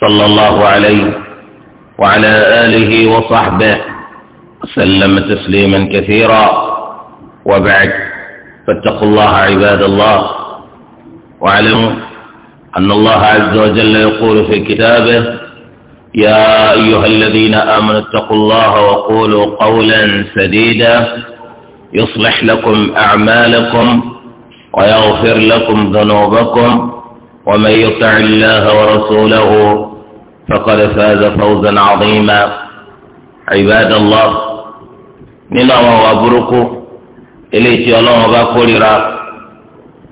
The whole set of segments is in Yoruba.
صلى الله عليه وعلى آله وصحبه وسلم تسليما كثيرا وبعد فاتقوا الله عباد الله واعلموا أن الله عز وجل يقول في كتابه يا أيها الذين آمنوا اتقوا الله وقولوا قولا سديدا يصلح لكم أعمالكم ويغفر لكم ذنوبكم ومن يطع الله ورسوله فقد فاز فوزا عظيما عباد الله nínú àwọn ọ̀wà burúkú eléyìí tí ọlọ́run bá kórìíra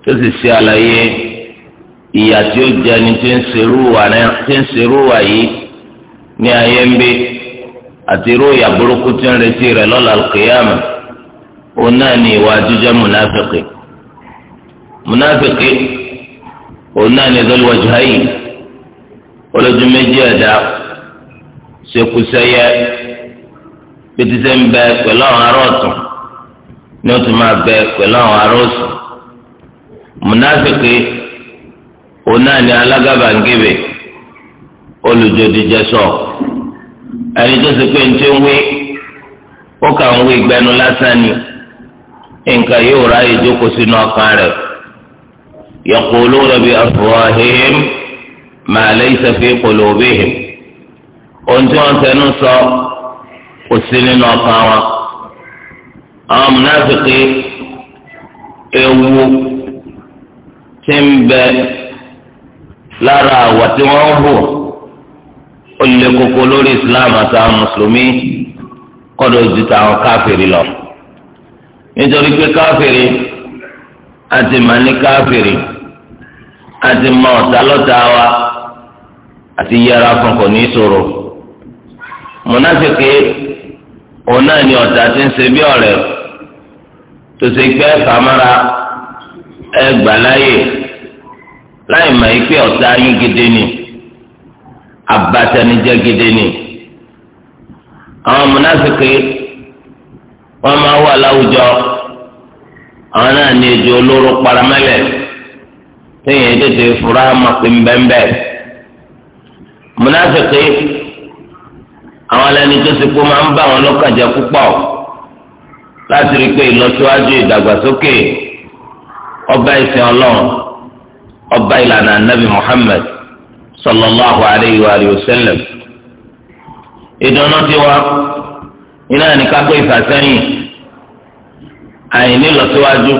tó sì ṣe àlàyé ìyà tí ó jẹ ni tí ń ṣerú wà yìí ní ayé ń bí àti irú ìyà burúkú tí ń retí rẹ̀ lọ́la kìyàmù òun náà ni ìwà jíjẹ́ múnáfìkì múnáfìkì. òun náà ní Dhul Wajhayn olójú méjì ẹ̀dá ṣekúṣẹyẹ pétísẹ́ ń bẹ pẹ̀lú àwọn ará ọ̀tún ní o tún máa bẹ pẹ̀lú àwọn ará òsì múnáfíkì ẹni tó ṣe pé ń tí ń wí ó kà ń wí gbẹnu lásán ni nǹkan yóò ráyè jókòó sínú ọkàn يقولون بأفواههم ما ليس في قلوبهم ohun tí wọ́n tẹnu sọ kò sí nínú ọkàn wọn àwọn múnáfìkì ewu ti ń bẹ lára àwọ̀ tí wọ́n ń hù ó lè koko lórí islam àtàwọn mùsùlùmí kọ́dọ̀ ju tàwọn káfìrí lọ nítorí pé káfìrí àti màní káfìrí. àti mọ ọ̀tá lọ́tà wa àti yẹra fún kò ní ṣòro mọ̀nàfíkì òun náà ni ọ̀tá ti ń ṣe bí ọ̀rẹ́ tó ṣe pé fàmárà ẹ gbà láì mọ̀ ọ̀tá yín gidi ni abatẹnijẹ́ gidi ni àwọn mọ̀nàfíkì wọ́n máa wà láwùjọ àwọn náà ni olóró paramẹ́lẹ̀. téèyàn tètè fura mọ̀ pé ń bẹ́ẹ̀ àwọn alẹ́ni tó ti kú máa ń bá wọn lọ́kàn púpọ̀ láti rí i pé ìlọsíwájú ìdàgbàsókè ọba ìsìn ọlọ́run ọba ìlànà anabi muhammed sallallahu alayhi wa sallam ìdùnnú tiwa iná ní ká ìfàsẹ́yìn àìní ìlọsíwájú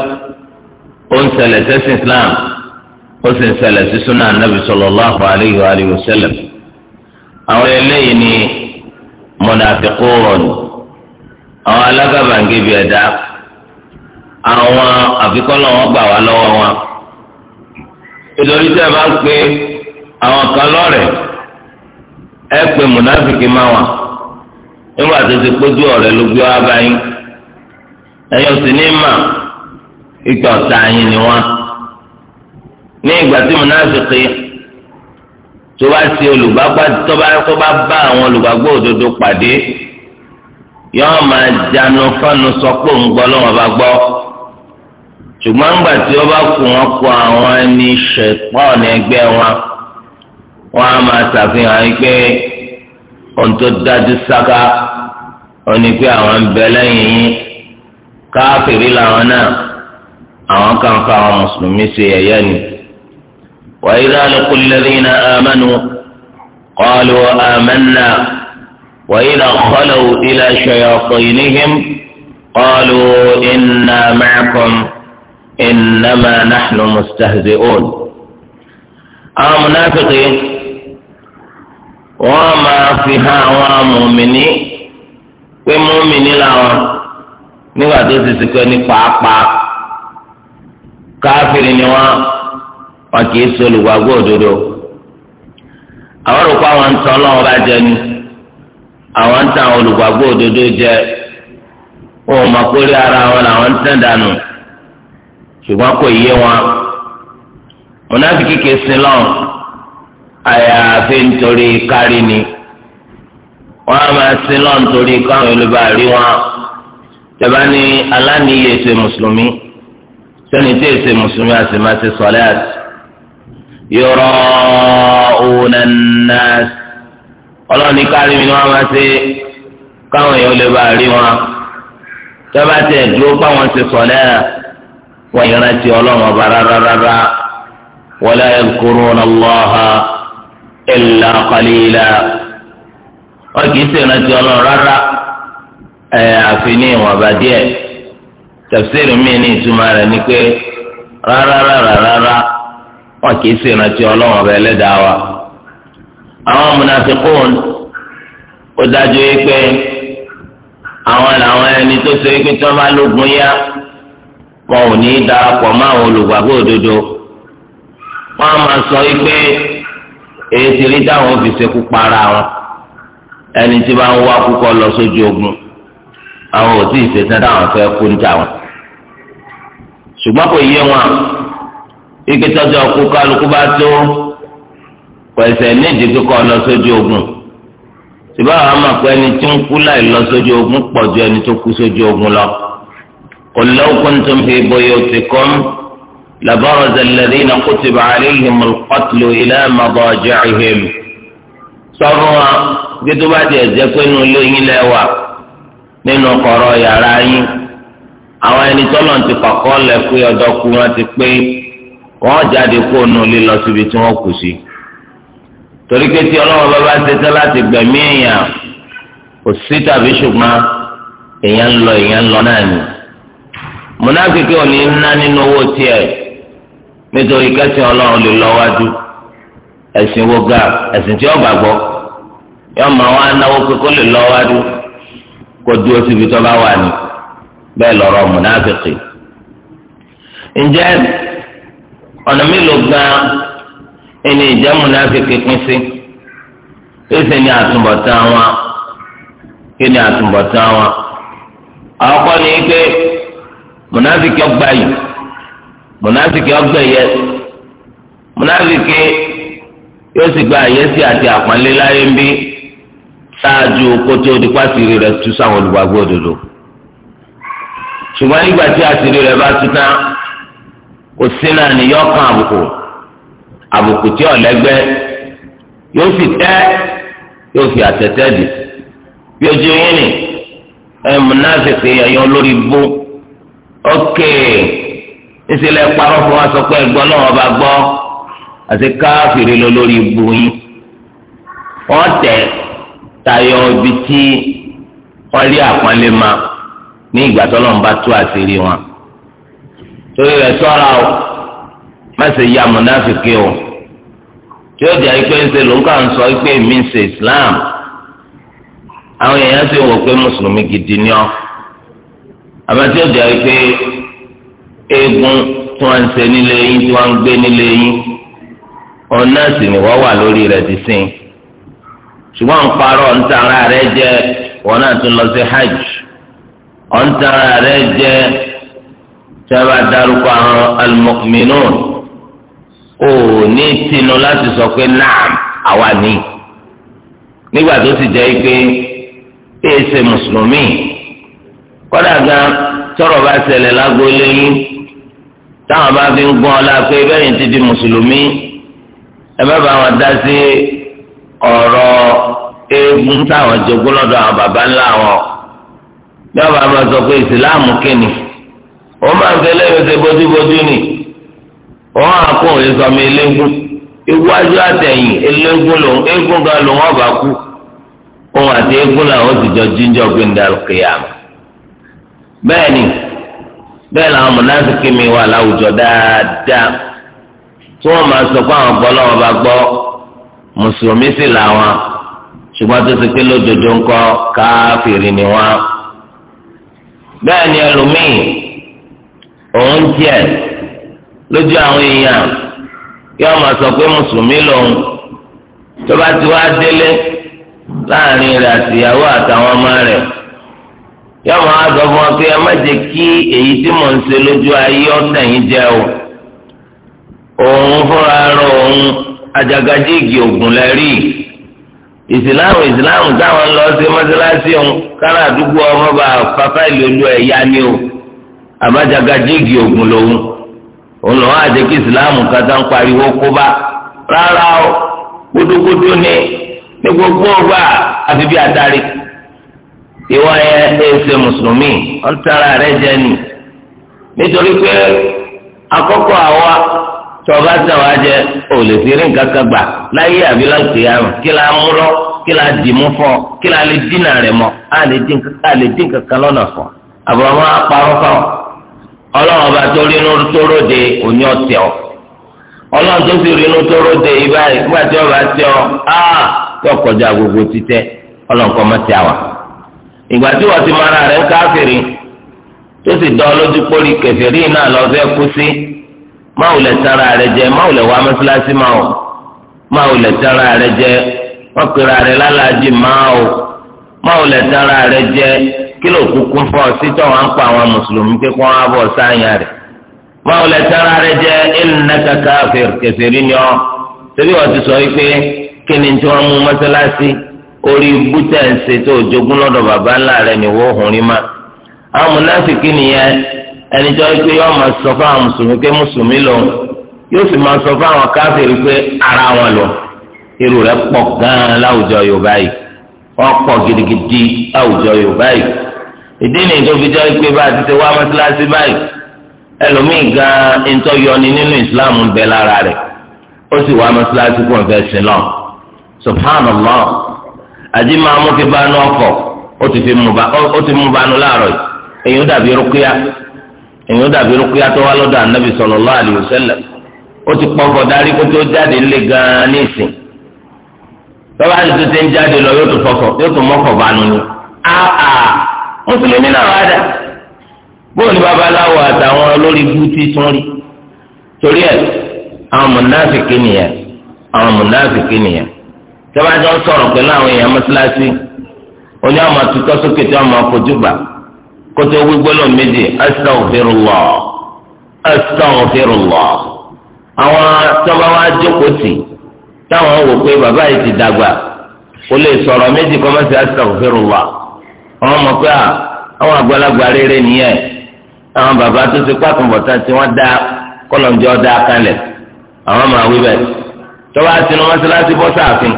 ó ń ṣẹlẹ̀ islam. ó sì ń ṣẹlẹ̀ sí súnà anábì sallallahu alayhi wa alihi wa sallam àwọn eléyìí ni mọ̀nàfíkùrọ̀n àwọn alágàbàǹgẹ̀bì ẹ̀dá àwọn àfikọ́lọ̀ wọn gbà wọn ìdórí tí a pe àwọn kan lọ́rẹ̀ ẹ pé mọ̀nàfíkì máa wà nígbà ní ìgbà tí mùnáfíkì tó bá ṣe olùgbàgbà tó bá tó bá bá àwọn olùgbàgbọ́ òdodo pàdé yọọ máa jánu fánu sọ pé òun gbọ́ lọ́wọ́ bá gbọ́ ṣùgbọ́n ńgbà tí ó bá kù wọ́n kọ àwọn ẹni ṣẹ̀pọ̀n ẹgbẹ́ wọn wọ́n á máa ṣàfihàn pé ohun tó dájú sáká òun ni pé àwọn ń bẹ lẹ́yìn yín káfíìrì làwọn náà àwọn kan ká àwọn mùsùlùmí ṣe ẹ̀yẹ́ ni. وإذا لقوا الذين آمنوا قالوا آمنا وإذا خلوا إلى شياطينهم قالوا إنا معكم إنما نحن مستهزئون المنافقين آه، وما فيها ومؤمنين pé mọ́mìnì làwọn nígbà tó ti sìnkú ẹni pàápàá wọn kì í solùwàgbọ́ òdodo àwọn rò pé àwọn ń tan ọlọ́run bá jẹ ni àwọn ń tan olùgbàgbọ́ òdodo jẹ wọn ò mọ̀ pé rí ara wọn làwọn ń tàn dànù ṣùgbọ́n kò yé wọn mọ̀nàfíkì kì í sin lọ́run àyàfi nítorí kárí ni wọn á máa sin lọ́run torí káwọn olùbá rí wọn tẹ̀bá ní aláníyè mùsùlùmí sẹ́ni tí èsè mùsùlùmí àti máa ṣe sọ́lẹ́ àti yura'una an-nas ọlọ́ọ̀ni kárí mi ni wọ́n máa ṣe káwọn èèyàn lè bá rí wọn tọ́ba tẹ̀ dúró báwọn ṣe sọ na wọ́n ìrántí ọlọ́run ọba rárára wala yadhkuruna Allaha illa qalila wọ́n kì í ṣe ìrántí ọlọ́run rárá ẹ̀ àfi ní ìwọ̀nba díẹ̀ tafsir mi ní ìtumọ̀ rẹ̀ ni pé rárára rárára. wọn kì í sì rántí ọlọ́run ọba ẹlẹ́dàá wa àwọn múnafikún ó dájú yìí pé àwọn làwọn ẹni tó ṣe pé tí wọ́n bá lógun yá wọn ò ní í darapọ̀ mọ́ àwọn olùgbàgbọ́ òdodo wọ́n á máa sọ yìí pé èyí ti rí táwọn fi ṣekú para wọn ẹni tí bá ń wá kúkọ lọ sójú ogun àwọn ò tí ì ṣetán táwọn fẹ́ kú níta wọn ṣùgbọ́n kò yé wọn ike tọ́jú ọkú kálukú bá tó pẹ̀sẹ̀ méjì kíkọ́ lọ sójú ogun síbá àwọn amakọ ẹni tí ń kú láì lọ sójú ogun pọ̀ ju ẹni tó kú sójú ogun lọ. qul law kuntum fi buyutikum labaraza alladhina kutiba alayhimul qatlu ila madaji'ihim. sọ fún wa bí tó bá tiẹ̀ jẹ́ pé inú ilé yín lẹ́wà nínú kọ̀rọ̀ yàrá yín àwọn ẹni tọ́lọ̀ ti pàkọ́ lẹ́kú ọ̀dọ́kú ti pé. wọ́n jáde kó nu lílọ síbi tí wọ́n kù sí torí tí ọlọ́wọ́ bá bá tẹ́tẹ́ láti gbẹ̀mí èèyàn kò sí tàbí ṣùgbọ́n èèyàn ń lọ èèyàn ń lọ náà ni mùnáfíkì ò ní nínú owó tiẹ̀ nítorí ọlọ́run lè lọ ga ẹ̀sìn tí ó yọ máa wá náwó pé kó lè lọ wájú kó dúró síbi tó bá wà ní ọ̀nà mélòó gan ẹni ìjẹ́ múnáfíkì pín sí ẹsẹ̀ ni àtúbọ̀tán wọn kí ni àtúbọ̀tán wọn. àwọn kọ́ ni pé múnáfíkì ọgbà yìí múnáfíkì ọgbà yẹ múnáfíkì yóò sì gba àyẹ́sí àti àpọ́nlé láyé ń bí ṣáájú kótó dípàtìrì rẹ̀ tú sáwọn olùgbàgbọ́ òdodo ṣùgbọ́n nígbà tí àṣírí rẹ̀ bá tú tán. òsín náà ni yọ kan àbùkù àbùkù tí ọlẹgbẹ yóò fi tẹ yóò fi àtẹtẹ dì bí ojú yín ni ẹ múnáfẹsẹ ẹyọ lórí bó ókè ìsìlẹ parọ́ fún wa sọ pé náà ọba gbọ àti káfíìrì lọ lórí bó yín wọn tayọ ibi tí wọn rí àpọ́nlé ma ní ìgbà torí rẹ̀ ṣọ́ra o má ya o tí ó jẹ́ pé ń ló ń kà ń Islam àwọn èèyàn ṣe wò pé mùsùlùmí gidi ni ọ́ àmọ́ tí ó jẹ́ pé eégún tí wọ́n ń ṣe nílé yín tí wọ́n ń gbé nílé yín òun náà sì ni wọ́n wà lórí rẹ̀ ti sìn ṣùgbọ́n ń hajj ń tara tí a bá darúkọ àwọn almu'minun ò ní tinú láti sọ pé naam àwa ni nígbà tó ti jẹ́ pé èsè mùsùlùmí kọ́dà gan tọrọ bá ṣẹlẹ̀ lágbólé yín táwọn bá fi ń gbọ́n ọ la bẹ́ẹ̀ ti di mùsùlùmí ẹ má bá wọn dá sí ọ̀rọ̀ eégún táwọn jogún lọ́dọ̀ àwọn baba ńlá wọn bí wọ́n bá wọn sọ pé ìsìláàmù kìnnì. wọ́n máa ń tẹ́lẹ̀ ẹsẹ bójúbójú ni wọn á kó òun sọmọ eléégún iwájú àtẹ̀yìn eléégún lòun eégún gan lòun kú òun àti eégún làwọn jọ jíjọ bẹ́ẹ̀ ni bẹ́ẹ̀ làwọn wà láwùjọ dáadáa tí máa sọ pé àwọn gbọ́ mùsùlùmí sì làwọn òun tiẹ̀ lójú àwọn èèyàn yóò máa sọ pé mùsùlùmí lòun tó bá ti wá délé láàrin rẹ̀ àtìyàwó àtàwọn ọmọ rẹ̀ yóò máa sọ fún wọn pé ẹ má jẹ́ kí èyí tí mò ń ṣe lójú ayé ọ̀tàn yín o òun fúnra rẹ̀ òun ajagajigi ògùn lẹ́rí ìsìláàmù ìsìláàmù táwọn lọ sí mọ́sálásí òun kára àdúgbò ọmọ bá fáfáìlì àbájágajégi ògùn lòun òun lọ́wọ́ àti kí ìsìláàmù kata ń pariwo bá rárá o kúdúkúdú ni ní gbogbo ọgbà àfi adarí ìwọ yẹn ẹsẹ mùsùlùmí ọ̀ntara rẹ jẹ nì nítorí pé àkọ́kọ́ àwa tọba tẹwàá jẹ gbà láyé àbílá mọ dín kankan fọ ọlọ́run ọba tó rí inú tó ròde òní ọ̀tẹ̀ ọ ọlọ́run tó sì rí inú tó ròde ibà ìgbà tí ọba tẹ ọ á tó kọjá gbogbo títẹ ọlọ́run kọ́ mọ́ ti àwà ìgbà tí wọ́n ti mọ ara rẹ̀ ń káfìrí tó sì dán lójú pórí kẹfìrí náà lọ fẹ́ kú sí máwù lẹ̀ tara rẹ̀ jẹ máwù lẹ̀ wá mọ́sálásí máwù máwù lẹ̀ tara rẹ̀ jẹ wọ́n pera rẹ̀ lálàájì máwù. máa wò lẹ rẹ jẹ kí ló kúkú fọ sítọ wọn ń pa àwọn mùsùlùmí pé kí wọn bọ jẹ kafir kèfèrí ni ọ torí wọn ti sọ yìí pé tí wọn mú mọ́sálásí orí bútẹ ń ṣe tó jogún lọ́dọ̀ bàbá ńlá rẹ ni wọn òhun rí ma àwọn mùnáfíkì nìyẹn ẹni tó yẹ yọọ máa sọ fún àwọn mùsùlùmí ara wọn lọ irú láwùjọ Yorùbá yìí ọpọ gidigidi àwùjọ yorùbá yìí ìdí ni tó fi bá ti wá mọ́sálásí báyìí ẹlòmíì gan ntọ́ yọni nínú ìsìláàmù ń bẹ lára rẹ̀ ó sì wá máa mú ti bá ní ọkọ̀ ó ti fi mú bá nu láàárọ̀ yìí èyí ó dàbí rúkúyà èyí ó dàbí tọ́ba ní tuntun ń jáde lọ yóò tún fọkọ̀ yóò tún mọ́kọ̀ bánu ni áà mùsùlùmí náà wá dà bóun ní babaláwo àtàwọn olórí bútí tún rí torí ẹ àwọn mùnáfìkì nìyẹn àwọn mùnáfìkì nìyẹn tọ́ba jọ ń sọ̀rọ̀ pẹ̀lú àwọn èèyàn mọ́sálásí oní àwọn àtúntò sókè tí wọ́n máa fojú bà kótó wígbó lọ méjì astaghfirullah astaghfirullah àwọn tọ́ba wa jókòó tì í. táwọn wò pé bàbá yìí ti dàgbà o lè sọ̀rọ̀ méjì kọ́ mọ́sí wà àwọn mọ̀ pé àwọn àgbàlagbà rere nìyẹn àwọn bàbá tó ti pàtàkùnbọ̀tà tí wọ́n dá kọ́lọ̀njọ́ dá kalẹ̀ àwọn máa wí bẹ́ẹ̀ tọ́wọ́ àtinú mọ́sálásí bọ́ sáàfin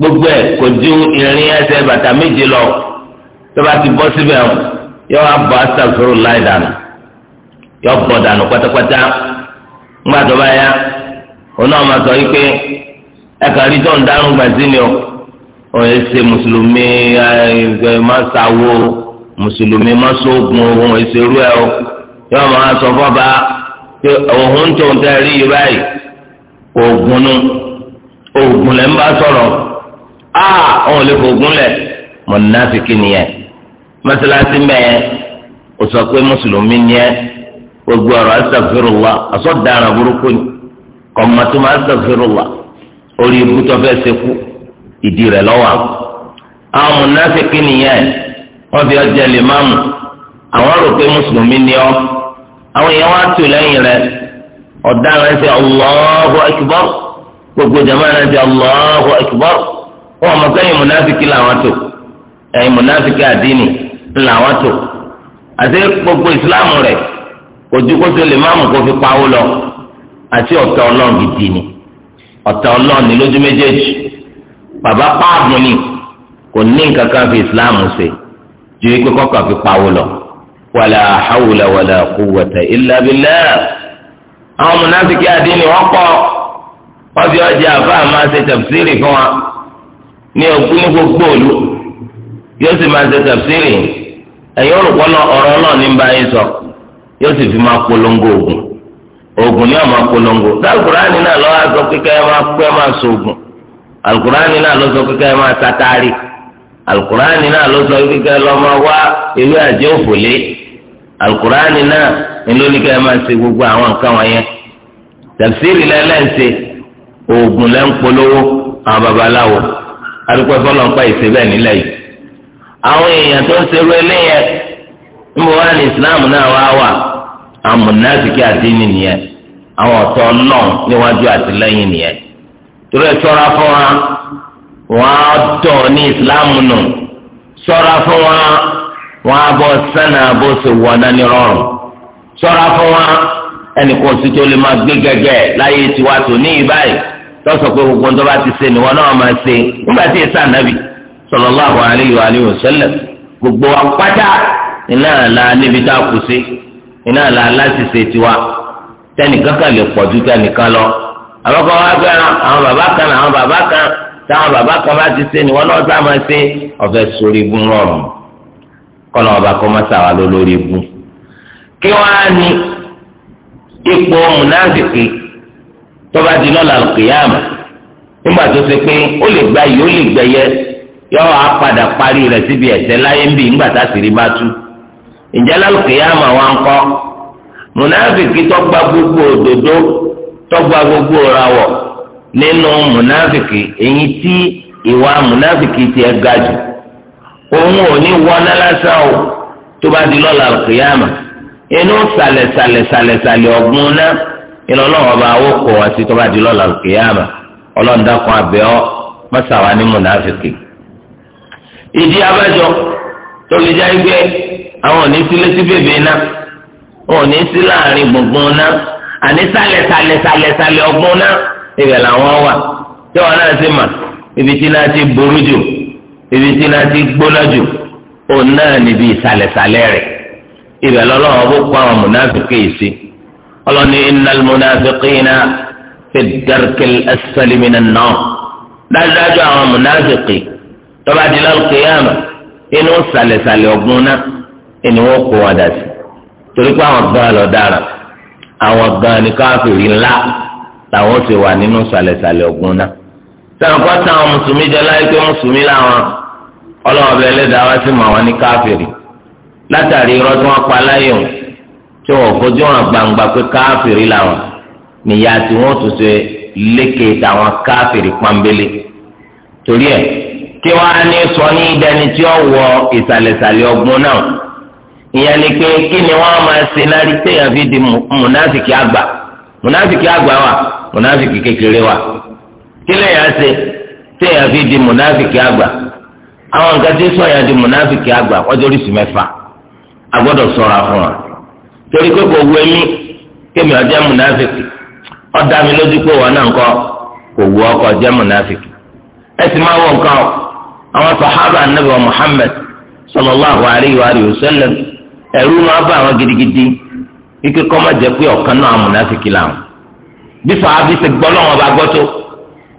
gbogbo ẹ̀ kò bàtà méje lọ tọ́wọ́ ẹkàrí tó ń dárún gbàsí ni ọ ọyẹ ṣe mùsùlùmí ẹ má sáwó mùsùlùmí má sóògùn ohun ruo ẹ o yóò máa sọ fọba pé òun tó ń tẹrí yìí báyìí sọrọ nu lẹ ń bá a òun lè fògùn lẹ mọ̀nàfíkì nìyẹn mọ́sálásí o sọ pé mùsùlùmí ni ẹ gbogbo burúkú ni orí ibú tó fẹ́ sekú ìdí rẹ̀ lọ́wọ́ àwọn mùnáfíkì nìyẹn wọ́n fi ọjà lè má mú àwọn rò pé mùsùlùmí ni ọ́ àwọn èèyàn wá tù lẹ́yìn rẹ̀ ọ̀daràn ẹsẹ̀ Allahu Akbar gbogbo jama náà ẹsẹ̀ Allahu Akbar wọ́n làwọn tò ẹ̀yìn àdínì làwọn tò àti gbogbo rẹ̀ lè mú kó fi pawó lọ àti ọ̀tọ̀ ọlọ́ọ̀gì ọ̀tá ọlọ́ọ̀ni lójú méjèèjì bàbá páàbù ni kò ní nǹkan kan fi islam ṣe ju ikú kọ́kọ́ fi pawó lọ wàlà hawla wàlà quwwata illa àwọn mùnàfíkì àdínì wọ́n pọ̀ wọ́n fi ọjà àbá máa ṣe tafsiri fún wa ní ogún ní gbogbo òlu tafsiri olùkọ́ náà ọ̀rọ̀ náà ní báyìí sọ yóò sì fi máa polongo oògùn a ọmọ polongo tá alukurani náà lọ azọ kíkẹ ẹ máa kú ẹ máa so oògùn alukurani náà lọ sọ kíkẹ ẹ máa tatari alukurani náà lọ sọ kíkẹ ẹ lọ máa wá ewé àjẹ òfòlé alukurani náà ńlọnikẹ ẹ máa gbogbo àwọn nǹkan oògùn lẹ́ ń polówó àwọn babaláwo adúpẹ́ ìṣe bẹ́ẹ̀ nílẹ̀ yìí àwọn èèyàn tó ń àwọn àdínì nìyẹn àwọn ọ̀tọ̀ náà níwájú àtìlẹ́yìn nìyẹn torí ẹ ṣọ́ra fún wa wọn á dọ̀ ní ìsìláàmù nù fún wa wọn á bọ̀ sánà bó ṣe wọ̀nà ní rọrùn fún wa ẹnì láyé tiwa tó gbogbo ń tó bá ti ṣe ni náà máa ṣe nígbà tí a iná la aláṣiṣe tiwa tẹnìkan kan lè pọ̀jù tẹnìkan lọ àwọn wá àwọn bàbá kan àwọn bàbá kan táwọn bàbá kan bá ti ṣe ni wọn náà sá máa ṣe ọ̀fẹ́ sórí ibú rọrùn kọ́nà ọba kọ máa lórí kí ní ipò múnáfìkì tó bá di lọ́la kìyàmù nígbà tó ṣe pé ó lè ìjálá kìyàmà wa ń kọ́ mùnàfìkì tọ́gbà gbogbo òdodo tọ́gbà gbogbo rawọ̀ nínú mùnàfìkì èyí tí ìwà mùnàfìkì tiẹ̀ ga jù òun ò ní wọná lásán o tó bá di lọ́la kìyàmà inú sàlẹ̀ sàlẹ̀ sàlẹ̀ sàlẹ̀ ọ̀gbun náà ìlọlọ́wọ́ bá wó kó wá sí tó bá di lọ́la kìyàmà ọlọ́ndàkùn abẹ́ ọ mọ́sàwá ní mùnàfìkì ìdí abájọ tó lè já igbe àwọn ò ní sí létí bèbè iná wọn ò ní sí láàrin gbùngbùn iná àní sálẹ̀ sálẹ̀ sálẹ̀ sálẹ̀ ọgbọ́n iná ibẹ̀ làwọn wà tí wọn náà ti mà ibi tí náà ti burú jù ibi tí náà ti gbóná jù òun náà níbi ìsàlẹ̀sàlẹ̀ rẹ̀ ibẹ̀ lọ́lọ́wọ́ bó kó àwọn mùnáfíkì yìí sí ọlọ́ni innal munafiqina fi darkil asfali minan dájúdájú àwọn mùnáfíkì tọ́ba di lọ́ọ̀kì yàmà inú sàlẹ̀sàlẹ̀ ọ̀gbun náà ẹni wọn kó wọn dà sí torí pé àwọn gan lọ dára àwọn gan ni káfíìrì ńlá làwọn ti wà nínú sàlẹ̀sàlẹ̀ ọ̀gbun náà sẹ́wọ̀n kọ́ táwọn mùsùlùmí jẹ́ láyé pé mùsùlùmí làwọn ọlọ́wọ́n bẹ lẹ́dàá wá sí mọ̀ àwọn ní káfíìrì látàrí irọ́ tí wọ́n pa láyé wọn tí wọ́n fojú hàn gbangba pé káfíìrì làwọn nìyà tí wọ́n tún ṣe lékè táwọn káfíìrì pọ́nbélé torí ẹ̀ kí wọ́n á ní sọ ní ìdẹni tí ó wọ ìsàlẹ̀sàlẹ̀ ọ̀gbun náà ìyẹn ni pé kí ni wọ́n máa ṣe lárí téèyàn fi di mùnáfìkì àgbà mùnáfìkì àgbà wà mùnáfìkì kékeré wà kí lèèyàn ṣe téèyàn fi di mùnáfìkì àgbà àwọn nǹkan tí sọ̀yàn di mùnáfìkì àgbà ọjọ́ oríṣi mẹ́fà a gbọ́dọ̀ sọ̀ra fún wa torí pé kò wú ẹmí kémi ọjọ́ mùnáfìkì mi lójú pé wọn náà ń kọ́ kò wú ọkọ̀ ọjọ́ mùnáfìkì ẹ sì máa wọ nǹkan àwọn ẹ̀rù máa bá àwọn gidigidi ike kọ́ má jẹ́ pé ọ̀kan náà amúnáfíkì làwọn bí sàábí ti gbọ́ lọ́wọ́ bá gbọ́ tó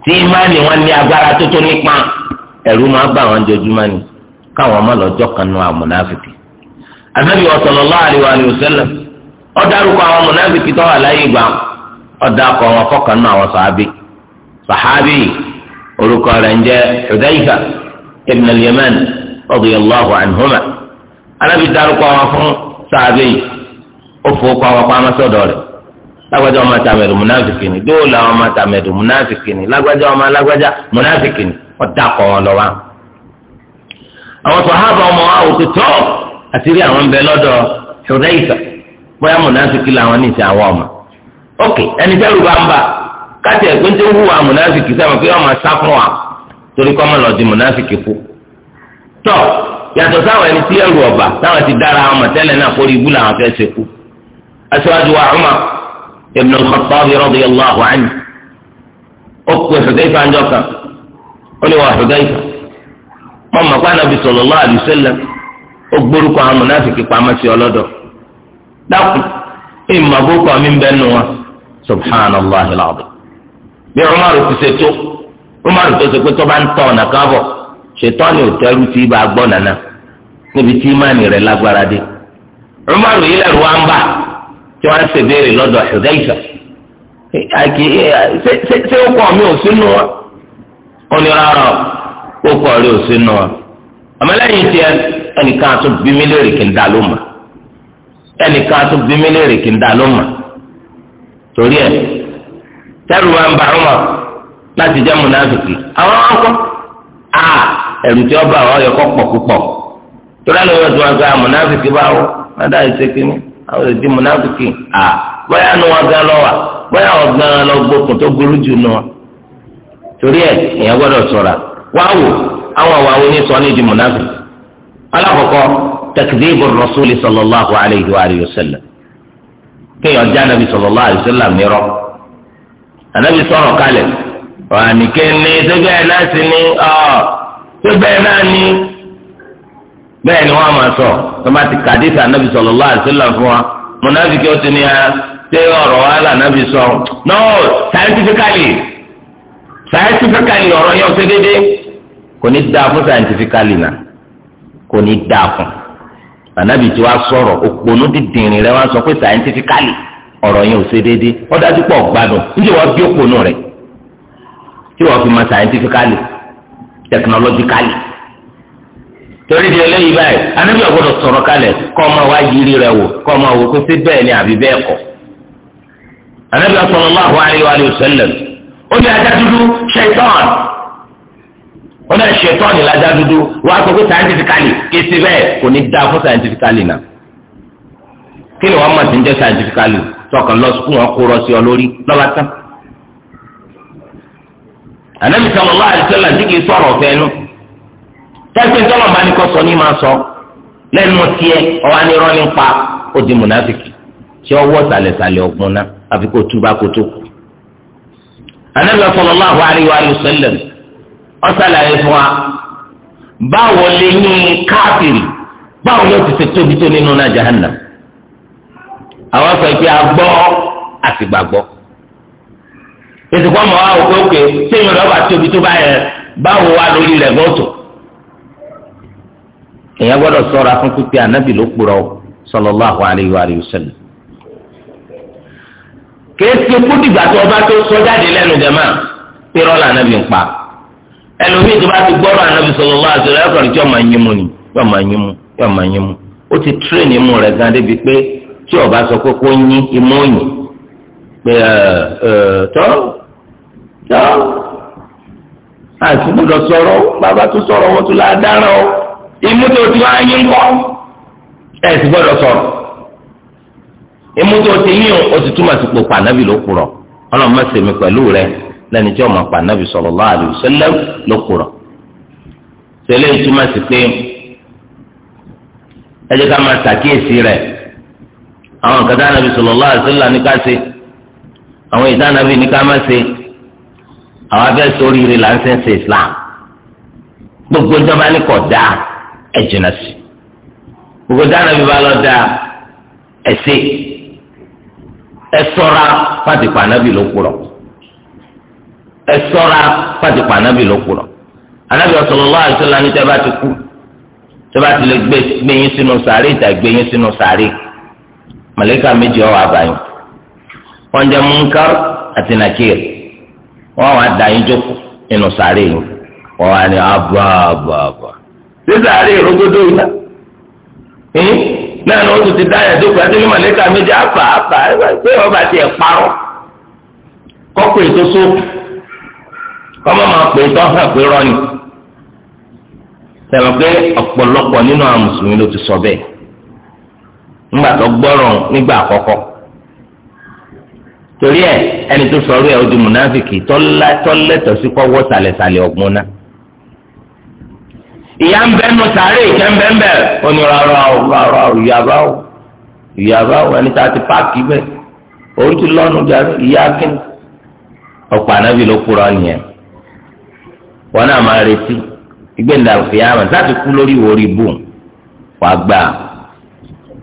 tí ìmáàní wọn ní agbára tó tó nípa ẹ̀rù máa bá àwọn jojúmọ́ ni káwọn ọmọ lọ́jọ́ kan náà amúnáfíkì. ànábì sallallahu alaihi wa sallam ó dárúkọ àwọn amúnáfíkì tó wà láyé ìgbà ó dákọ wọn fọkàn náà àwọn sàábí sàábí orúkọ rẹ̀ ń jẹ́ alábi dárúkọ wọn fún sàbẹ yìí ó fowókọ wọn pamọ́ sọ́dọ̀ rẹ̀ lágbájá ọmọ tàmẹdù múnáfìkì ni dóòlà ọmọ tàmẹdù múnáfìkì ni lágbájá ọmọ alágbájá múnáfìkì ni wọn dàkọ wọn lọ wa. àwọn sọ̀hábà ọmọ wa ò ti tọ́ àti rí àwọn bẹ lọ́dọ̀ ṣùdáìsà bóyá múnáfìkì làwọn ní ìsìn àwọn ọmọ. ok ẹni tẹ́lu bá ń bà káàtì ẹ̀gbọ́n tó ń hùwà múnáfìkì sábà pé ọmọ sá wa torí kọ́ yàtọ̀ sáwọn ẹni tí ẹrù ọba táwọn ti dára àwọn mọ̀tẹ́lẹ̀ náà kórè ibú làwọn fẹ́ ṣekú. aṣáájú wa Umar ibn al-Khattab radiyallahu anhu ó pè Hudayfa ń jọkàn ó lè wà Hudayfa mọ màkà nàbì sallallahu alaihi wasallam ó gbórúkọ àwọn mọ̀nàfìkì pamọ́ sí ọlọ́dọ̀ dákun mi bẹ́ wọn ò tẹ́rù tí ibà gbọ́ níbi tí ìmánì rẹ̀ lágbára dé Umaru yìí lẹ́rù wá ń bà tí wọ́n ṣe béèrè lọ́dọ̀ Hudayfa ṣé ó kọ́ mi ò sínú wa ó ní rárá ó kọ́ rí ò sínú wa àmọ́ lẹ́yìn tí ẹnìkan tó bí mi léèrè kí n dá ló mà ẹnìkan tó bí mi léèrè kí n dá ló mà torí ẹ tẹ́rù wa ń bà Umar láti jẹ́ múnáfìkì àwọn ọkọ̀ a ẹ̀rù tí ọba àwọn ọyọkọ̀ pọ̀ púpọ̀. tura àwọn ọmọ tí wọn gba mùnáfíkì báwo mẹ́ta ìṣèkínní àwọn èdè mùnáfíkì à bóyá nu wọn gan lọ wà bóyá wọn lọ gbókun tó burú jù nù wa torí ẹ ìyẹn gbọ́dọ̀ ṣọ́ra wàá wò àwọn àwọn àwọn oníṣọ ní rasúlì sallallahu alayhi wa bẹ́ẹ̀ ni wọ́n máa sọ tọ́ba ti kàdísà nàbì sallallahu alaihi fún wa ó ti ní a ah, ṣé ọ̀rọ̀ wa là no scientifically scientifically ọ̀rọ̀ yẹn ṣe dédé kò ní fún scientifically náà kò ní dáa fún Anabi tí wàá sọ̀rọ̀ òpònú dídìrín rẹ sọ pé scientifically ọ̀rọ̀ yẹn ò ṣe déédéé wọ́n dájú pọ̀ gbádùn níbi wọ́n scientifically technologically torí di eléyìí báyìí anábì ọ̀gbọ́dọ̀ sọ̀rọ̀ kalẹ̀ kọ́ ọmọ wa yiri wò kọ́ ọmọ wò kó sí bẹ́ẹ̀ ni àbí bẹ́ẹ̀ kọ́ anábì sallallahu alaihi wa sallam ó ní ajá dúdú ó ní lajá dúdú wà á sọ pé scientifically ni wọ́n mọ̀ sí ń jẹ́ scientifically sọkàn lọ sukùn wọn kó rọ sí ọ lórí tẹ́sí tọ́lọ̀ bá ní kọ́ sọ ní máa sọ lẹ́nu tiẹ̀ ọ̀wá ní rọ́ nípa ó di mùnáfìkì tí ọwọ́ sàlẹ̀sàlẹ̀ ọ̀gbun náà àfi kó túbá kó tó kù. Ànábì sallallahu alaihi wa sallam ó ṣàlàyé fún wa báwo lè ní káfìrì báwo ló ti ṣe tóbi tó nínú náà jahannam. àwọn sọ pé a gbọ́ àti gbàgbọ́. èsì kan mọ̀ wá òkè òkè tí ìrìn ọba tóbi tó bá yẹ báwo wá lórí rẹ̀ gbọ́tò èèyàn gbọ́dọ̀ sọra fún pípé ànábì ló kúrọ sallallahu alayhi wa sallam. kéésì kúndìgbà tó ọba tó sọ jáde lẹ́nu jẹmọ pérọ là ànábì ń pa ẹlòmíì tó bá ti gbọ́rọ̀ ànábì sallallahu alayhi wa sallam ẹkọrin tí ọmọ yín mu ni yóò máa yín mu yóò máa yín mu ó ti tírèn imú rẹ̀ gan débi pé tí ọba sọ pé kó yín imú òyìn pé tọ́ tọ́ àti gbọ́dọ̀ sọ̀rọ̀ bàbá tó sọ̀rọ̀ wọn tó la dára o. ìmúto tí wọ́n á yín kọ́ ẹ̀ sì gbọ́dọ̀ o ti túmọ̀ ma rẹ tí ọmọ pànábì sallallahu alaihi wasallam ló kúrọ̀ tẹ́lẹ̀ ìtumọ̀ sí pé ẹ ka ma ta ṣàkíyèsí rẹ̀ àwọn kata àwọn ìdá àwọn Islam gbogbo daa. ẹ jìnnà sí gbogbo dáná bí ba lọ da ẹ ṣe ẹ ṣọ́ra pàtìpà anábì ló kúrọ ẹ ti kú tẹ́ ti gbé yín sínú sàárè ìta gbé yín sínú sàárè màlẹ́kà méjì ọ̀ àbáyọ̀ wọ́n jẹ́ munkar àti nakir wọ́n wá da sísàárè rogodo yìí ní náà ni wọ́n tún ti dáyà dókòó àti ní màlẹ́kà méjì àpà àpà pé ọba tiẹ̀ parọ́ kọ́kọ́ ètò sóòpù kọ́mọ máa pè é tó hàn pé rọ́ọ̀nì sẹ̀rọ̀ pé ọ̀pọ̀lọpọ̀ nínú àwọn mùsùlùmí ló ti sọ bẹ́ẹ̀ tó gbọ́rọ̀ nígbà àkọ́kọ́ torí ìyá ń bẹ́ẹ̀ nù sàárè ìkẹ́ ń bẹ́ẹ̀ bẹ́ẹ̀ ó rárá o rárá o ìyàbá o ìyàbá o ẹni tá a ti páàkì bẹ́ẹ̀ orí ti lọ́nu jáde ìyá kín ọ̀pọ̀ ànábì ló kúrọ̀ nìyẹn wọn náà máa retí ìgbéǹda òfìyàmà láti kú lórí ìwòrí bù wá gbà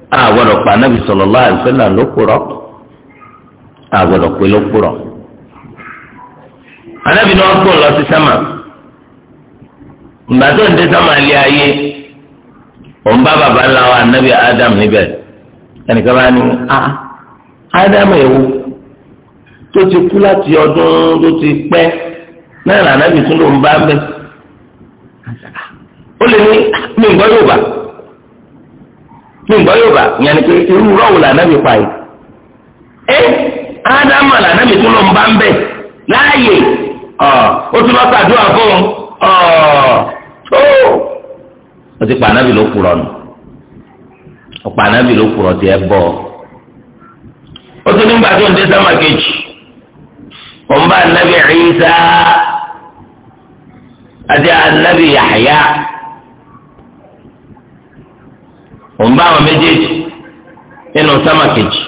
á pa ànábì ló kúrọ̀ á lọ sí gbàtọ́ ní sọ́mà ilé ayé òun bá bàbá ńlá wa nàbí adam níbẹ̀ ẹnìkan bá ní a adam èwo tó ti kú láti ọdún tó ti pẹ́ náà lànàbì tún ló ń bá bẹ́ ó lè ní mi ń gbọ́ yóò bá mi ń gbọ́ yóò bá ìyẹn ni pé irú rọ́ọ̀wù lànàbì pa yìí ẹ adam lànàbì tún ló ń bá bẹ́ láàyè ó tún lọ́ọ́ sàdúrà fún un. tó ah. oh. o ti pa ló kúrọ nù ọ̀pọ̀ anabi ló kúrọ tiẹ̀ bọ̀ ti bá anabi Ìsá àti anabi Yahya òun bá àwọn méjèèjì nínú sáma kejì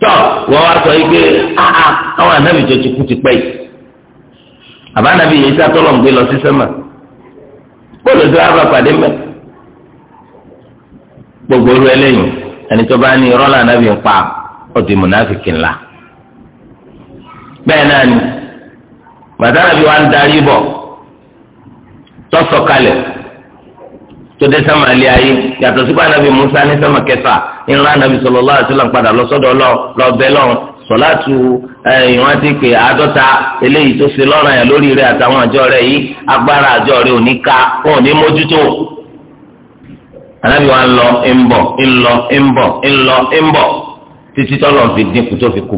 tó wọ́n wá sọ yìí pé ah, ah, àwọn anabi tó ti kú ti yìí. àbánabi yìí sátọlọ ń gbé lọ sí sẹmà bóòlù tó yàrá pàdé mẹ gbogbo oru ẹlẹyìn ẹni tó bá ní rọlà ànábì ń pa ọdì mùnàfíkì ńlá bẹ́ẹ̀ náà ni màdànàbí wa ń darí bọ tọsọkalẹ̀ tó dé sẹmà lé ayé yàtọ̀ sípò ànábì Musa ní sẹmà kẹfà ńlá ànábì sallallahu alaihi wasallam padà lọ sọ́dọ̀ lọ lọ sọláàtù ìwọ́n ti pè àádọ́ta eléyìí tó ṣe lọ́rọ̀ yẹn lórí rẹ̀ àtàwọn àjọ rẹ yìí agbára àjọ rẹ ò ní ò ní mójútó. anábìwá ń lọ ń bọ̀ ń lọ ń bọ̀ ń lọ ń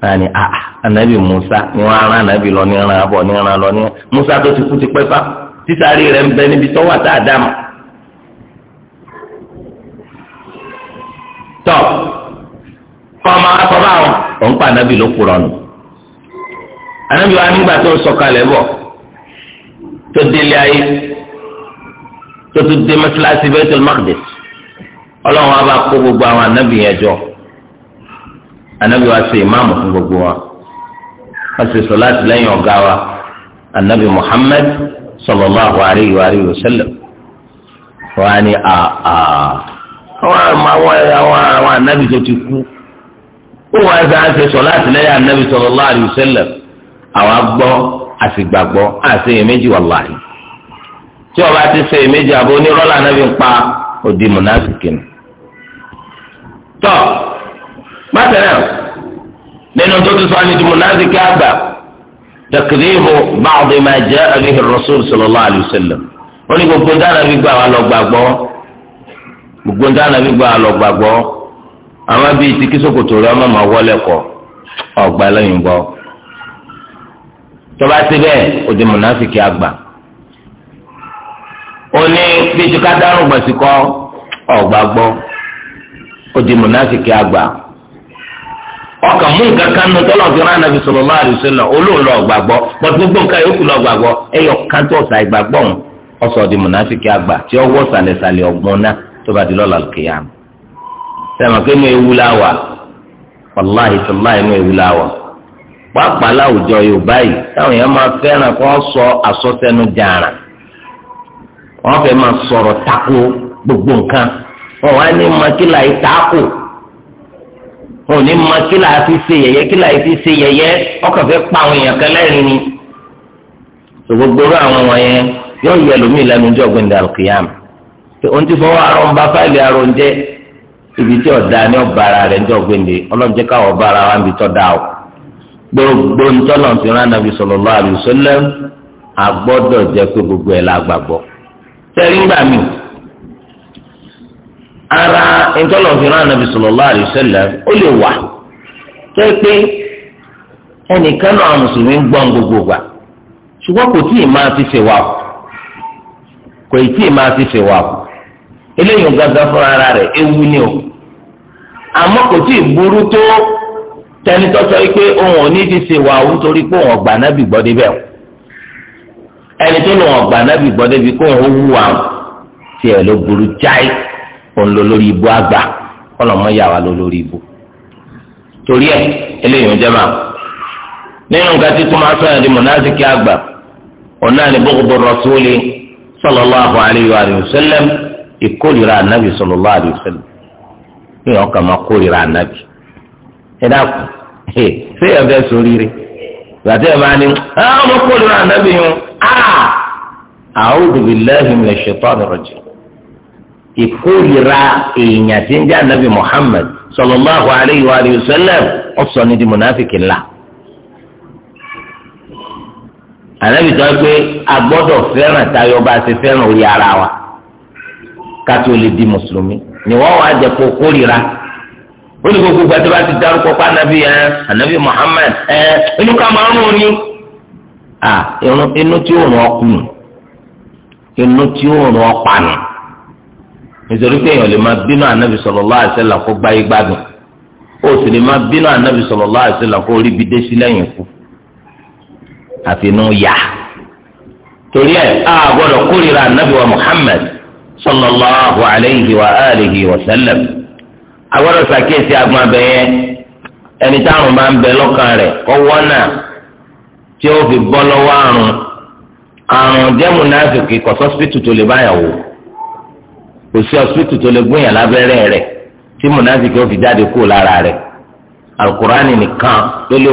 Musa ah, ah, ni wọ́n rán lọ ní Musa tó ti kú ti pẹ́ fá títàrí ọmọ akọba àwọn òun pa anabi ló kúrọ nù anabi wa nígbà tó sọ̀kalẹ̀ bọ̀ tó délé ayé tó tó dé mẹsàlásì bẹtẹl magdis Ọlọ́run wa bá kó gbogbo àwọn anabi yẹn jọ anabi wa ṣe ìmáàmù fún gbogbo wa wọn sì sọ láti lẹ́yìn ọgá wa anabi Muhammad sallallahu alayhi wa alayhi wa sallam wọn á ní àà àwọn àwọn àwọn anabi tó ti kú ó wọn ẹsẹ àti sọlá àtìlẹyìn anabi sallallahu alaihi wasallam àwa gbọ́ àsìgbàgbọ́ àti èméjì wàláhì tí ọba ti ṣe èméjì àbò onírọ́lá anabi ń pa òdi mùnásìkì ni. tọ́ bàtẹ́rẹ̀ nínú tó ti sọ àni mùnásìkì àgbà takirihu báwo ma jẹ́ abihi rasul sallallahu alaihi wasallam ó ní gbogbo dáná dáná gbígbà wà lọ gbàgbọ́ àmọ́ bíi ti kí ṣòkòtò rẹ ọmọ máa wọlé kọ ọgbà lẹ́yìn bọ tọba ti bẹ́ẹ̀ ó di mùnáfíkì àgbà ó ní bíi ti ká dárùn gbèsè kọ ọgbà gbọ ó di mùnáfíkì àgbà ọkàn mú nǹkan kan nù tọ́lọ̀ fi rán anabi sallallahu alaihi wasallam olóòó lọ gbàgbọ́ bọ́t gbogbo nǹkan yòókù lọ gbàgbọ́ ẹyọ kan ọ̀sà ìgbàgbọ́ ọ̀hún ọ̀sọ̀ di mùnáfíkì àgbà tí ó sàlẹ̀sàlẹ̀ ọ̀gbọ́n náà tó bá di sẹ́wọ̀n kí inú ewu la wà wàláhì tàlá inú ewu la pàápàá láwùjọ yorùbá yìí táwọn èèyàn máa fẹ́ràn kó wọ́n sọ àsọtẹnu jàrà wọ́n fẹ́ máa sọ̀rọ̀ tako gbogbo nǹkan wọn wá ní makíla yìí tako wọn ò ní makíla fi ṣe yẹyẹ kila yìí fi ṣe yẹyẹ ọkàn fẹ́ pa àwọn èèyàn ni gbogbo àwọn yóò yẹ lómi ohun fọwọ́ àrùn ibi tí ọ̀dà ni ọba ara rẹ̀ ń jọ gbèndé ọlọ́run jẹ́ ọba ara wa ń bi tọ́ da o gbogbo ntọ́nà ti rán anabi sallallahu alaihi wasallam agbọ́dọ̀ jẹ́ pé gbogbo ẹ̀ la gbàgbọ́ sẹ́yìn gbà mí ara ntọ́nà ti rán anabi sallallahu alaihi wasallam ó lè wà tẹ́ pé ẹnìkan náà mùsùlùmí ń gbọ́n gbogbo gbà ṣùgbọ́n kò tí máa ti ṣèwà kò eléyìí gbàgbà fún ara rẹ̀ ewu ni o àmọ́ kò tí ì burú tó tẹnitọ́ sọ pé òun ò ní ti ṣe wà áwù torí pé òun ọ̀gbà nábì gbọ́ débẹ̀ o ẹni tó lòun ọ̀gbà nábì gbọ́ débi kó òun wù wà tiẹ̀ ló burú jáì òun lọ lórí ibu àgbà ọlọ́mọ yà wá lórí ibu torí ẹ eléyìí ń nínú nǹkan tí túmọ̀ sọ yẹn di mọ̀nàzìkì àgbà ọ̀nà ni bọ́kùbọ̀ rọ̀súlì sallallahu alaihi wa ìkórìíra ànábì sallallahu alaihi wasallam ní ọkàn máa kórìíra ànábì ẹ dákun ṣé ẹ fẹ́ sóríire gbàtí ẹ máa ní ọmọ kórìíra ànábì yẹn a'udhu billahi minash shaitanir rajim ìkórìíra èèyàn tí ń jẹ́ ànábì Muhammad sallallahu alaihi wa alihi wasallam ọ̀sán ní di mùnáfíkì ńlá ànábì tó ń pé agbọ́dọ̀ fẹ́ràn tayọ bá a orí ara wa kátó lè di mùsùlùmí ni wọ́n wá jẹ kó kórìíra ó ní gbogbo gbàtí bá ti dárúkọ pa anabi ẹ anabi Muhammad ẹ inú ká máa ń rún ni à inú tí ó rún ọkùnrin inú tí ó rún ọpànù nítorí pé èèyàn lè máa bínú anabi sallallahu alaihi wasallam kó gbáyé gbádùn ó sì lè máa bínú anabi sallallahu alaihi wasallam kó rí bidé sí lẹ́yìn kú àfinú yá torí ẹ a gbọ́dọ̀ kórìíra anabi wa Muhammad. sallallahu alayhi wa alihi wa sallam agbọ́dọ̀ sàkíyèsí agbọn abẹ yẹn ẹni táwọn máa ń bẹ lọ́kàn rẹ̀ kọ́wọ́ náà tí ó fi bọ́ lọ́wọ́ àrùn àrùn jẹ́mu náà fi kì kọ́ sọ́sìpìtì tó lè báyà wò kò sí ọ̀sìpìtì tó lè tí mùnàfíkì ó fi jáde kúrò lára rẹ̀ alukurani nìkan ló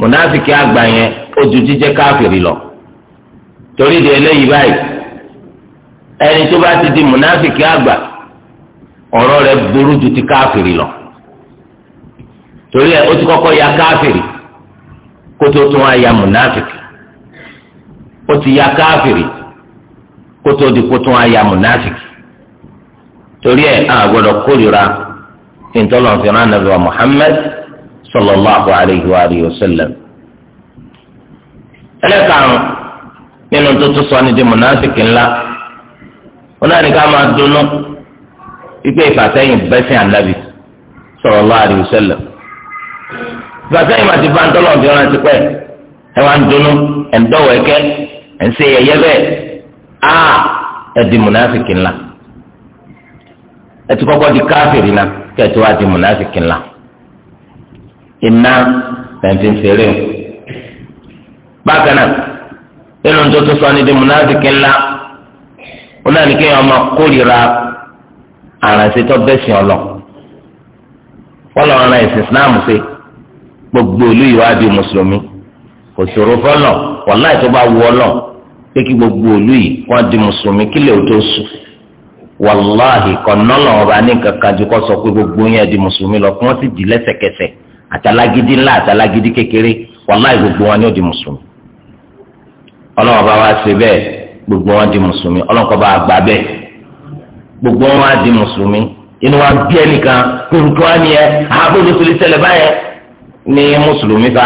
mùnáfíkì àgbà yẹn ó ju lọ torí di eléyìí báyìí ẹni tó bá ti di mùnáfíkì àgbà ọ̀rọ̀ rẹ burú ju ti káfìrí lọ torí ẹ ó ti kọ́kọ́ ya káfìrí kó tó tún ya mùnáfíkì ó ti ya káfìrí kó tó di kó tún ya mùnáfíkì torí ẹ a gbọ́dọ̀ kórìíra ìtọ́lọ́nfẹ́ràn sallallahu alayhi wa alihi wa sallam. ẹlẹ́karùn-ún nínú tuntun sọ ni di mọ̀nàfíkì ńlá wọn náà ní ká máa dunnú wípé ìfàsẹ́yìn bẹ́sìn ànábì sallallahu alayhi wa sallam. ìfàsẹ́yìn máa ti bá ń tọ́lọ̀ bí wọ́n ti pẹ́ ẹ wá ń dunnú ẹ̀ ń dọ̀wọ̀ ẹ̀kẹ́ ẹ̀ ń ṣe yẹ̀yẹ́ bẹ́ẹ̀ á ẹ̀ di mọ̀nàfíkì ńlá ẹ̀ ti kọ́kọ́ di káfìrì náà kẹ́ẹ̀tì wá di mọ̀nàfíkì ńlá iná nàìjíríà fèrè o. bákan náà nínú tó tó sọ ní di múnáfíkì ńlá ó náà ní kéèyàn máa kórìíra àràǹsí tó bẹ́sìn ọ̀lọ́ fọlọ́run náà ẹ̀sìn islam ṣe gbogbo ìlú yìí wá di mùsùlùmí kò ṣòro fọlọ́ wàláì tó bá wù ọ́ lọ pé kí gbogbo ìlú yìí wọ́n di mùsùlùmí kí lè o tó sùn wàláhì kọ̀nọ́lọ̀ ọba ní kankan ju kọ́ sọ pé gbogbo yẹn di mùsùlùmí lọ kí wọ́n sì di lẹ́sẹ̀kẹsẹ̀ àtàlágídí ńlá àtàlágídí kékeré wàláì gbogbo wọn ni ó di mùsùlùmí ọlọ́wọ́n bá wá ṣe bẹ́ẹ̀ gbogbo wọn di mùsùlùmí ọlọ́kọ́ bá gbà bẹ́ẹ̀ gbogbo wọn á di mùsùlùmí inú wa bí ẹnìkan kóńtó á ní ẹ àbólo tó ní mùsùlùmí fa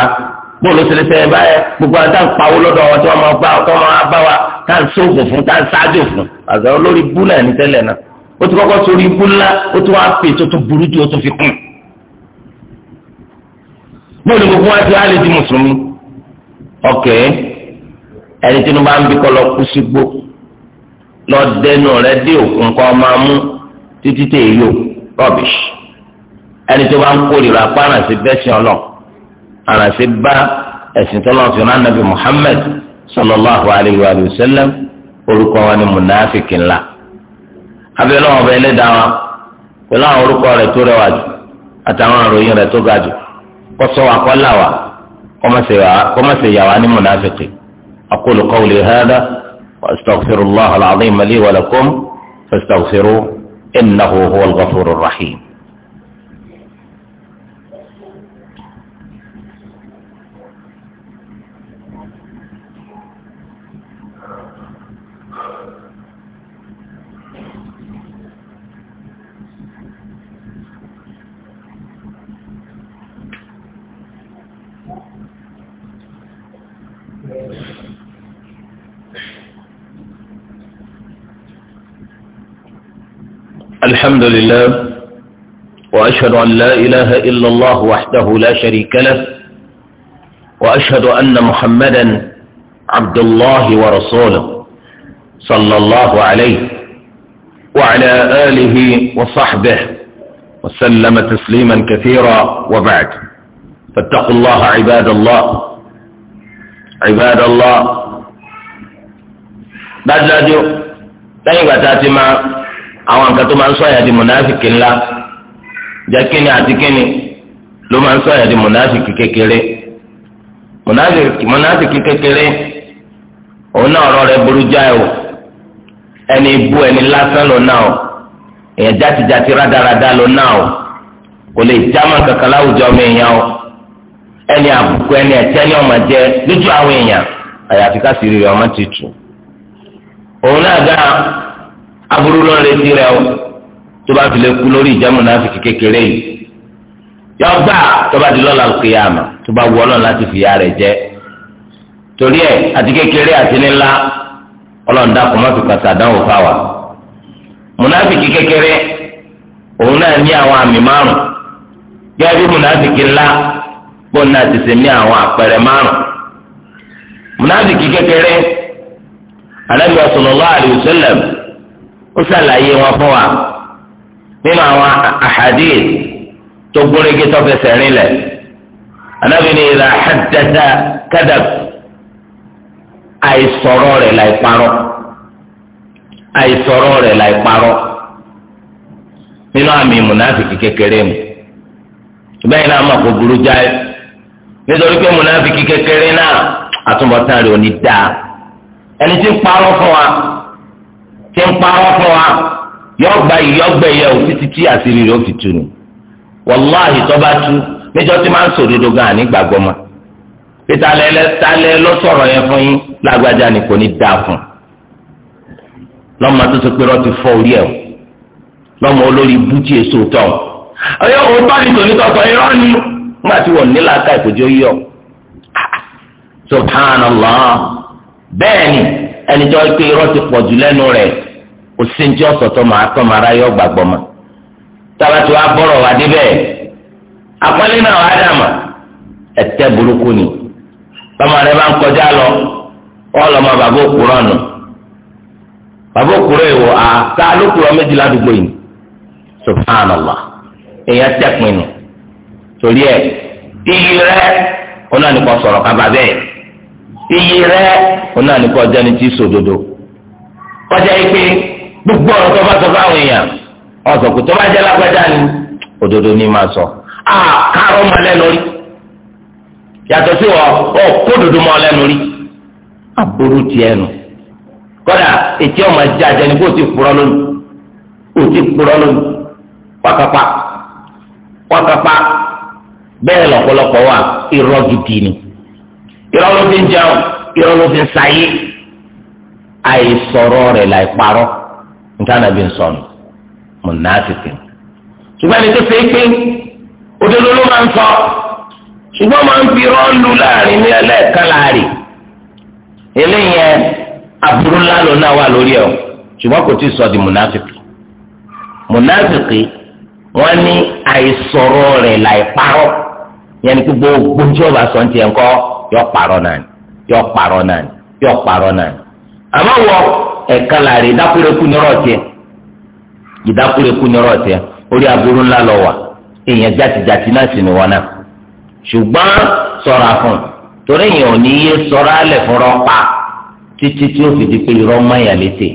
bóòlù tó lè ṣẹlẹ̀ báyẹn gbogbo àwọn táwọn pawó lọ́dọ̀ wọn tí wọ́n máa bá wọn tí wọ́n máa bá wa táwọn sóògùn fún táwọn sáájò fún àgbà olórí búlà ní tẹ́lẹ̀ náà ó ti kọ́kọ́ sórí búlà ó ti wá pè tó tún burú ju ó tún fi kún bóòlù gbogbo wa ti wá lè di mùsùlùmí ọkẹ ẹni tí wọn bá ń bí kọ lọ kú sígbó lọ dẹnu rẹ dé òkun kọ máa mú títí tẹ èyí ò rọbìṣ ẹni tó bá ń kórìíra pa àràǹsí bẹ́sìn ọlọ àràǹsí bá ẹ̀sìn tó lọ́ọ́ fi rán nàbì Muhammad sallallahu alayhi wa sallam orúkọ wa ni munafiki ńlá abẹ́lẹ́ wọn bẹ́ẹ̀ lé dáwọn pẹ̀lú àwọn orúkọ rẹ̀ tó rẹwà jù àtàwọn àròyìn rẹ̀ tó ga jù. kọsọ wa kọla wa kọmọsẹ yà wa ni munafiki akulu kawli hada wa astaghfirullah al-azim li wa lakum fastaghfiru innahu huwa al-ghafuru rahim. الحمد لله وأشهد أن لا إله إلا الله وحده لا شريك له وأشهد أن محمدا عبد الله ورسوله صلى الله عليه وعلى آله وصحبه وسلم تسليما كثيرا وبعد فاتقوا الله عباد الله عباد الله بعد ذلك لا تأتي مع àwọn nǹkan tó máa ń sọ àyàdì mùnáfìkì ńlá jẹ́ kíni àti kíni ló máa ń sọ àyàdì mùnáfìkì kékeré mùnáfìkì kékeré òun náà ọ̀rọ̀ rẹ̀ burú jáì o ẹni ibú ẹni lásán ló náà o èèyàn játijàti rádaràda ló náà o kò lè jámà kankan láwùjọ ọmọ èèyàn o ẹni àbùkù ẹni ẹ̀tẹ́ ni ọmọ jẹ lójú àwọn èèyàn àyàfi ká sì rí ọmọ ti tù òun náà dáa aburú lọ retí rẹ o tó bá fi lè kú lórí ìjàmù náà fi kékeré yìí yọ gbà tó bá di lọ́la kìyàmà tó bá wọ ọlọ́run láti fìyà rẹ jẹ torí ẹ àti kékeré àti nílá ọlọ́run dákun má fi kàtà dánwò fáwa mùnáfìkì kékeré òun náà ní àwọn àmì márùn gẹ́gẹ́ bí ńlá bóun náà ti ṣe ní àwọn àpẹẹrẹ márùn mùnáfìkì kékeré Ànábì sallallahu alaihi wasallam ó ṣàlàyé wọn fún wa nínú àwọn àhàdíì tó gúnrégé tó fẹsẹ̀ rinlẹ̀ Ànábì ní ìlà àdàdà kádàb àìsọ̀rọ̀ rẹ̀ láì parọ́ àìsọ̀rọ̀ rẹ̀ láì parọ́ nínú àmì mùnáfìkì kékeré mu bẹ́ẹ̀ náà mọ̀ kó burú jáì nítorí pé mùnáfìkì kékeré náà àtúbọ̀tán rẹ̀ ò ní dáa ẹni tí ń parọ́ fún wa tí ń parọ́ fún wa yóò gba ìyọ́gbẹ́ yẹ o títí tí àṣírí rẹ̀ ó fi tu ni wàláhì tó bá tú níjọ́ tí máa ń sòdodo gan àní gbàgbọ́ ma pété alẹ́ lẹ́ lọ sọ̀rọ̀ yẹn fún yín lágbájá ni kò ní dá fún lọ́mọ tó ti pé rọ́ọ̀tì fọ́ orí ẹ̀ o lọ́mọ olórí bútì èso tọ̀ ọ̀yọ́ òun bá ní tòní tọ̀tọ̀ irọ́ ni nígbà tí wọ́n nílá ká ìkójó yíyọ subhanallah bẹ́ẹ̀ ni ẹni tó pé irọ́ ti lẹ́nu rẹ̀ òsèǹtì ọ̀sọ̀tọ̀ máa tọ́ máa ma tábàtì wa bọ̀rọ̀ wá débẹ̀ àpọ́nlé náà wá dà ni bàmà bá ń kọjá lọ ma bàbá òkúrọ̀ nù bàbá òkúrọ̀ èèwọ̀ àká lókùrọ̀ méjìlá àdúgbò yìí subhanallah èèyàn torí iyì rẹ nìkan sọrọ kaba iyì rẹ nìkan tí sòdodo kọjá yìí gbogbo ọ̀rọ̀ tó bá sọ fáwọn èèyàn ọ̀sọ̀ kò tó bá jẹ́ lágbájá ni òdodo ni máa sọ àkàrọ̀ mọ́ lẹ́nu rí yàtọ̀ sí wọ́n ọ̀ kó òdodo mọ́ lẹ́nu rí aburú tiẹ̀ nù kọ́dà etí ọmọ ẹja jẹni kó o ti kpọ̀rọ̀ lónìí o ti kpọ̀rọ̀ lónìí wákàpá wákàpá bẹ́ẹ̀ lọ́pọ̀lọpọ̀ wà irọ́ gidi ni irọ́ ló fi ń jẹun irọ́ ló fi ń sayé àìsọ̀rọ̀ rẹ̀ láì parọ́ nǹkan àbí nsọ̀nù mùnàfíkì ṣùgbọ́n ẹni tó ṣe é pé òdodo ló máa ń sọ ṣùgbọ́n máa ń fi rọ́ọ̀lù láàrin ní ẹlẹ́ẹ̀kan láàrin eléyẹn aburú ńlá ló náà wà lórí ẹ̀ ṣùgbọ́n kò tí ì sọ di mùnàfíkì mùnàfíkì wọ́n ní àìsọ̀rọ̀ rẹ̀ láìparọ́ yẹn ni pé gbogbo tí ó bá sọ ní tiẹ̀ ńkọ́ yọ parọ́ náà ni parọ́ náà ni parọ́ náà àmọ́ wọ ẹ̀ka làárẹ̀ ìdákúrekú ní ọ̀rọ̀ tiẹ̀ ìdákúrekú ní ọ̀rọ̀ tiẹ̀ orí aburú ńlá lọ wà èèyàn jàtìjàtì náà sì ni wọn náà ṣùgbọ́n ṣọ́ra fún torí èèyàn ò ní yé ṣọ́ra alẹ̀ fúnra pa títí tí ó fi di pé irọ́ máyà létè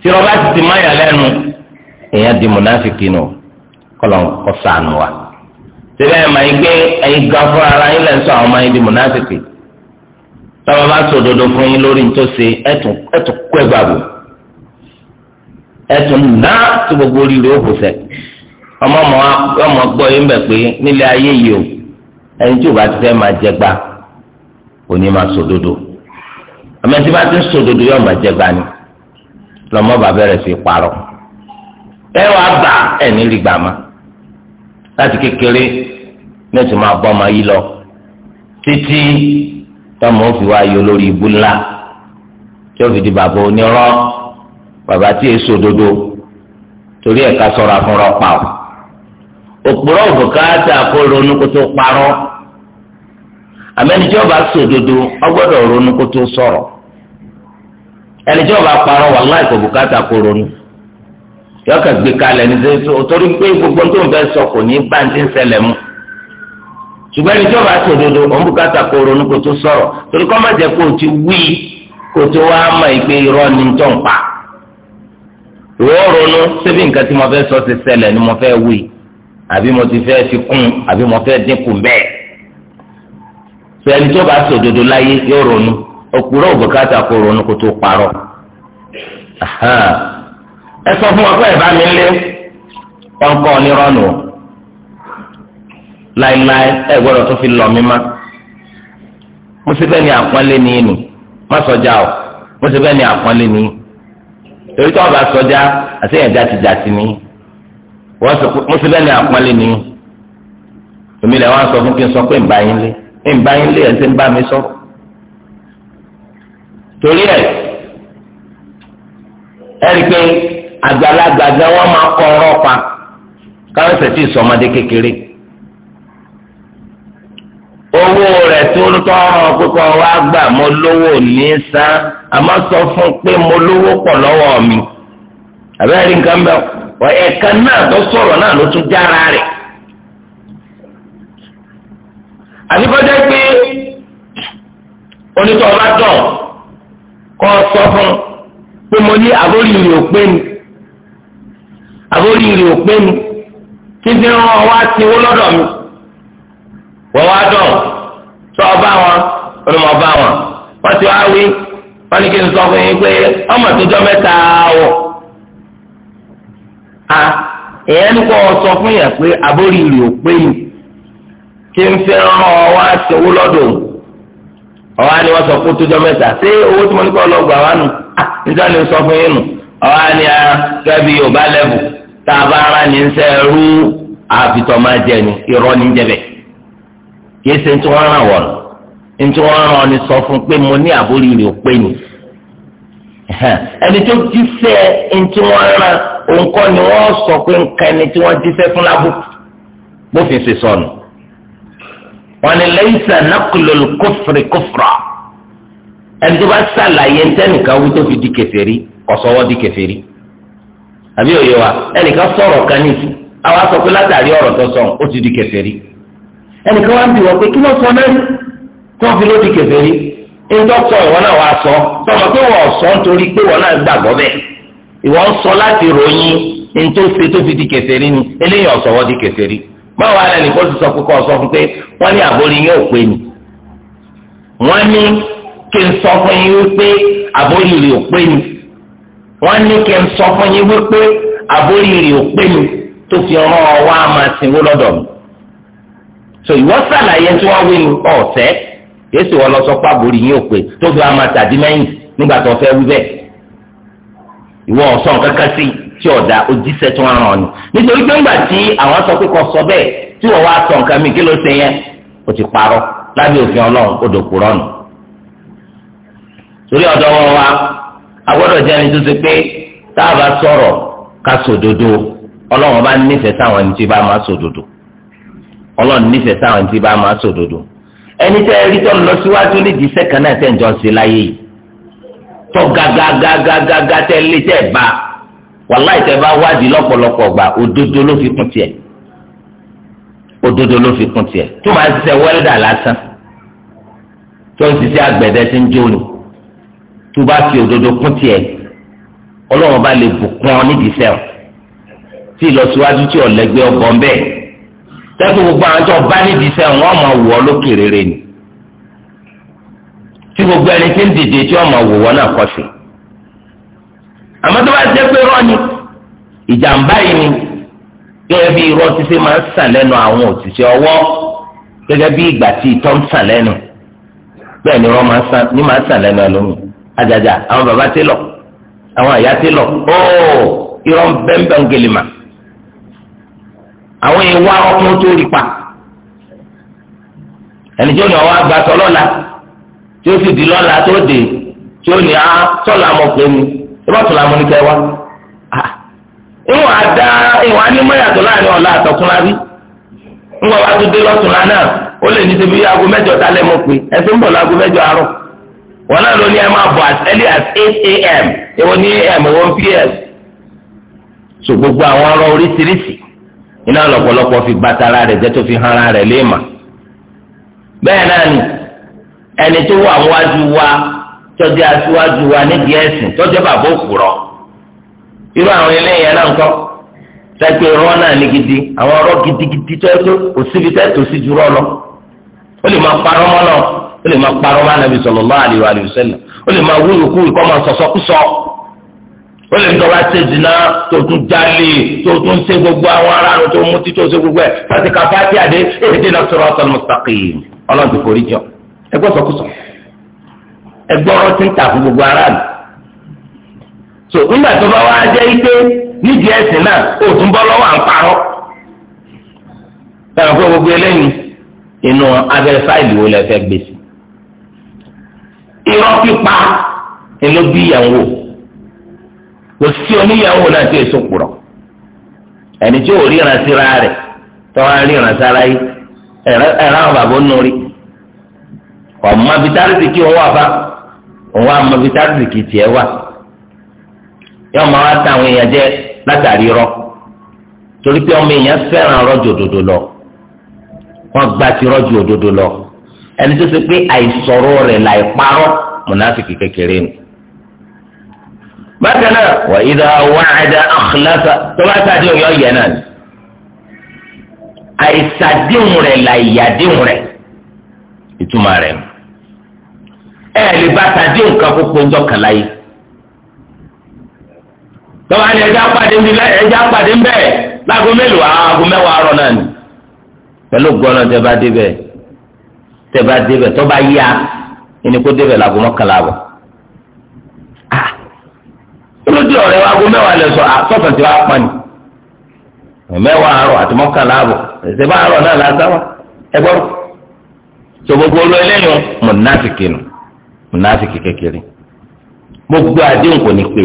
tí irọ́ ti ti máyà lẹ́nu èèyàn di mùnáfìkì nù kọlọ̀ kọsànù wa síbẹ̀ máa ń gbé ẹ̀yin gan fúnra ara yín lẹ́nu sọ àwọn máa ń di mùnáfìkì. táwọn bá sọ òdodo fún yín lórí gbogbo ó ọmọ ọmọ gbọ́ yín pé nílé ayé yìí o ẹni tí o bá ti fẹ́ máa jẹ ní máa bá ti ń yóò máa jẹ ni bá bẹ̀rẹ̀ sí parọ́ ẹ wàá gbà má láti kékeré ní máa bọ́ ọmọ tọmọ o wa yọ lórí ibú ńlá tí ó fi di bàbá onírọ́ bàbá tí èso òdodo torí ẹ̀ka sọ̀rọ̀ afúnra pa ọ́ òpùrọ́ òbùkátà tó parọ́ àmẹ́nijọ́ bá sòdodo ọgbọ́dọ̀ ronú sọ̀rọ̀ ẹnijọ́ bá parọ́ gbé kalẹ̀ ní sẹ́yìn tó torí pé gbogbo tó ń sọ kò ní bá ń ti ṣùgbọ́n ẹni tí wọ́n bá sọ òdodo òun bùkátà kó ronú kó tó sọ̀rọ̀ torí kọ́ má jẹ́ kó o ti wí kó o tó wá mọ̀ ìpè irọ́ ni tó ń pa. ìwọ ronú síbi nǹkan tí mo fẹ́ sọ ti ṣẹlẹ̀ ni mo fẹ́ wí àbí mo ti fẹ́ fi kún àbí mo fẹ́ dínkù bẹ́ẹ̀. sọ tí wọ́n bá sọ òdodo láyé yóò ronú òkúrọ̀ bùkátà kó ronú kó tó parọ́. ẹ sọ fún wọn pé ẹ bá mi lé ọkọ onírọ́nù o. láéláé ẹ gbọ́dọ̀ tó fi lọ mí má mo ni ní inú má sọjá o mo ni ní torí tó ọba sọjá àti ẹ̀yàn jàtìjàtì ní mo sì fẹ́ ni àpọ́nlé ní ni lè wá sọ fún kí n sọ pé ń bá yín lé mba bá yín lé ẹ̀ ń ń bá mi sọ torí pé àgbàlagbà gan máa pa káwọn sọ ọmọdé owó rẹ̀ tí ó ọha wá gbà mo lówó ní a àmọ́ sọ fún pé mo lówó pọ̀ lọ́wọ́ mi àbẹ́rẹ́ nǹkan bẹ́ẹ̀ wọ ẹ̀ka náà tó sọ̀rọ̀ náà ló tún jára rẹ̀ àbíkọ́jẹ́ pé onítọ̀ bá tọ̀ kọ́ sọ fún pé mo ní àbóríire òpé ni wọ́n wá dùn ọba wọn olùmọ̀ ọba wọn wọ́n ti wá wí wọ́n ní kí n sọ fún yín pé ọmọ tó mẹ́ta wọ̀ a èèyàn ní kó fún yàn pé àbórí rè ó pé yìí kí n fẹ́ ràn wá lọ́dọ̀ ọ̀wá ni wọ́n a kẹ́bi yorùbá lẹ́bù tá a bá ara kìí ṣe tí wọ́n ràn wọ̀nù tí wọ́n ràn ọ́ ni sọ fún pé mo ní àbórí rè ó pé ni ẹni tó jíṣẹ́ tí wọ́n ràn òǹkọ́ ni wọ́n sọ pé nǹkan ẹni tí wọ́n jíṣẹ́ fún lábú bófin ṣe sọnù wọn ni lẹ́yìnsà nàkùlọ̀ kófìrì kófìrà ẹni tó bá ṣàlàyé ntẹ́nìkan wú tó fi di kèfèrí ọ̀sọ́wọ́ di kèfèrí àbí òye wa ẹnìkan sọ̀rọ̀ kan níbi àwa sọ pé látàrí ọ̀rọ̀ tó sọ ó ti di kèfèrí ẹnìkan wá ń bìwọ̀ pé kí ló sọ náà tó fi lódì kèfèrí ńdọ́ sọ ìwọ náà wàá sọ tọmọ pé wọ́n sọ nítorí pé wọ́n náà gbàgbọ́ bẹ́ẹ̀ ìwọ ń sọ láti ròyìn ntòsí tó fi di kèfèrí ni eléyìí ọ̀sọ̀ wọ́n di kèfèrí báwo ara ẹnì kan ti sọ kókó ọ̀sọ́ fún pé wọ́n ní àbórí yóò pé ni wọ́n ní kí n sọ fún yín wípé àbórí rẹ̀ ò pé ni wọ́n ní kí n sọ fún yín wípé àbórí rẹ̀ ò pé ni tó fi ọ̀rọ̀ wa máa sìnwó lọ́dọ̀ mi so ìwọ sàlàyé tí wọn wí ni ọ̀sẹ̀ yéésù wọn lọ sọ pé àbórí yín ò pé tóbi àwọn àtàdé mẹ́yìn nígbà tó fẹ́ wí bẹ́ẹ̀ ìwọ ọsàn kankan sí tí ọdà ojíṣẹ́ tí wọn ràn ni nítorí pé ńgbà tí àwọn sọ pé kò sọ bẹ́ẹ̀ tí wọn wá sọ nǹkan mi kí ló ṣe yẹn o ti parọ́ lábẹ́ òfin Ọlọ́run odò kúrọ nù torí ọ̀dọ̀ wọn wa agbọ́dọ̀ jẹ ẹni tó ti pé tá a bá sọ̀rọ̀ ká sòdodo Ọlọ́run bá nífẹ̀ẹ́ sáwọn ẹni tí bá máa sòdodo ọlọ́run nífẹ̀ẹ́ sáwọn tí bá máa sòdodo ẹni tẹ́ ẹ rí tọ́ lọ síwájú nídìí sẹ́kàn náà tẹ̀ ń jọ sí láyé yìí tọ́ gàgàgàgàgà tẹ́ lé tẹ́ bá wàláì tẹ́ bá wádìí lọ́pọ̀lọpọ̀ gbà òdodo ló fi kún tiẹ̀ òdodo ló fi kún tiẹ̀ tó máa ṣiṣẹ́ wẹ́lẹ́dà lásán tó ń ṣiṣẹ́ àgbẹ̀dẹ tí ń jóni tó bá fi òdodo kún tiẹ̀ ọlọ́run bá lè bùkún ọ nídìí sẹ́wọ̀n tí ìlọsíwájú tí ọ̀lẹ́gbẹ́ ọgbọ́n bẹ́ẹ̀ tẹ́tù gbogbo àwọn tó bá nídìí sẹ́wọ̀n wọ́n máa wọ̀ ọ́ lókè rere ni tí gbogbo ẹni tí ń dìde tí wọ́n máa wọ̀ náà kọ́ àmọ́ tó bá ni ìjàmbá yìí ni gẹ́gẹ́ bí irọ́ títí máa ń sàn lẹ́nu àwọn òṣìṣẹ́ ọwọ́ gẹ́gẹ́ bí ìgbà tí ìtọ́ ń sàn àwọn ìwà ọkùnrin tó rí pa ẹni tí ó ní lọ́la tí ó sì di lọ́la tó dé tí ó ní a sọlá tó la mọ ní kẹwàá ìwọ ah, àdá ìwọ anímọ̀yàtọ̀ láàrin ọ̀la àtọ̀kúnra rí ńgbà tó dé náà ó lè ní tẹbi aago mẹ́jọ dalẹ́ mọ pé ẹsẹ ń bọ̀ ní ẹ máa as early as eight a.m. ìwọ am ìwọ pm so gbogbo àwọn oríṣiríṣi iná lọ́pọ̀lọpọ̀ fi bàtàrà rẹ̀ jẹ́ tó fi hàn ara léèmà bẹ́ẹ̀ náà ni ẹni tó wà wájú wa tọ́jú aṣíwájú wa nídìí ẹ̀sìn tọ́jú bàbá òkúrọ̀ irú àwọn eléyìí náà ń kọ́ tẹ́tí irọ́ náà ní gidi àwọn ọ̀rọ̀ gidigidi tó ẹgbẹ́ òsibí tẹ́tí òsì ju rọ́ lọ ó lè máa parọ́ mọ́ náà ó lè máa parọ́ mọ́ ànábì sallallahu alaihi wa sallam ó lè máa wúlò kúrò kọ́ máa sọ̀sọ́ kú sọ ó lè tọ́ bá ṣe dìná tó tún jalè tó tún ṣe gbogbo àwọn aráàlú tó mutí tó ṣe gbogbo ẹ̀ láti ka fati àdé èdè náà sọ̀rọ̀ ọ̀sán mustaqim ọlọ́run forí jọ ẹgbọ́ sọkúsọ ẹgbọ́ ọ̀rọ̀ ti ń ta fún gbogbo aráàlú. so nígbà tó bá wá jẹ́ ike nídìí ẹ̀sìn náà ó tún bọ́ lọ́wọ́ à ń parọ́. táwọn fún gbogbo eléyìí inú kò sí oníyàwó náà tí èso kùrọ̀ ẹni tí ò ríran síra rẹ̀ tọ́wọ́n ríran sára yìí ẹ̀rọ àwọn bàbá ń nori ọmọ abitárìsì kí wọ́n wà bá òun wà ọmọ abitárìsì kì í tiẹ̀ wà yóò máa wá táwọn èèyàn jẹ látàrí rọ torí pé ọmọ èèyàn fẹ́ràn rọ́jò òdodo lọ wọ́n gba ti rọ́jò òdodo lọ ẹni tó ṣe pé àìsọ̀rọ̀ rẹ̀ láìparọ́ mùnáfíkì kékeré nù bákan náà wà ìdá wàhádà àkùlásà tó bá sáà yọ yẹ náà ni àìsàdéhùn rẹ̀ làyàdéhùn rẹ̀ ìtumọ̀ rẹ̀ ẹ lè bá sàdéhùn kan kó péjọ kàlá yìí tọ́wọ́ ni ẹja pàdé ń bẹ ẹja pàdé ń láago mélòó aago mẹ́wàá rọ̀ náà ni pẹ̀lú gbọ́nà tẹ́ bá débẹ̀ tẹ́ bá débẹ̀ tọ́ bá yá ẹni kó débẹ̀ láago mọ́kànlá bọ̀ lójú ọ̀rẹ́ wa aago mẹ́wàá lẹ sọ àtọkàn ah, tí wàá pa ni mẹ́wàá àárọ̀ àti mọ́kànlá àbọ̀ ẹsẹ bá àárọ̀ náà lásán wa ẹ gbọ́dọ̀ tó gbogbo olú ẹlẹyìn mọnàfìkì nù mọnàfìkì kékeré gbogbo àdéhùn kò ní pé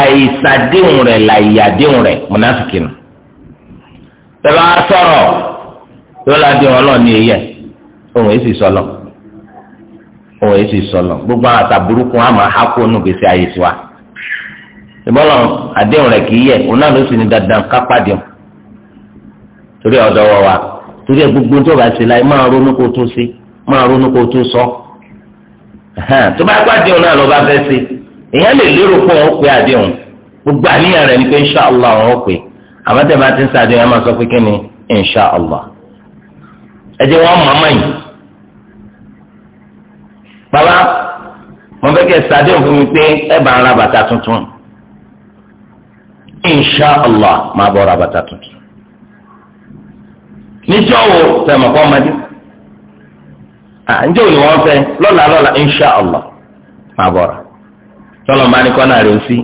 àìsàdéhùn rẹ̀ làyàdéhùn rẹ̀ mọnàfìkì nù tẹlẹ wàá sọ̀rọ̀ yóò ládéhùn Ọlọ́run ní eyẹ òun èsì sọlọ. òun èsì sọlọ gbogbo àwọn àtàbùrúkú wọn máa há kó nùgbé sí ayé tiwa ìbọlọ àdéhùn rẹ kì í yẹ òun náà ló sì ní dandan kápádìọ torí ọ̀dọ̀ wọ wa torí ẹ gbogbo tó bá ṣe láì máa ronú kó tó ṣe máa ronú kó tó sọ tó bá gbàdéhùn náà lọ bá fẹ́ ṣe lè lérò pé òun pe àdéhùn gbogbo àníyàn rẹ ni pé òun pè bá ti sọ pé kí ni ẹ jẹ́ wọ́n mọ̀ Baba! mo fẹ́ kẹ́ sàdé òfin mi pé ẹ bá ń bàtà tuntun insha allah máa bọ̀ ra bàtà tuntun wo sẹ́mi kọ́ ọmọdé ǹjẹ́ òní wọ́n insha allah máa bọ̀ ra tọ́lọ̀ máa ní kọ́nà rẹ̀ ó sí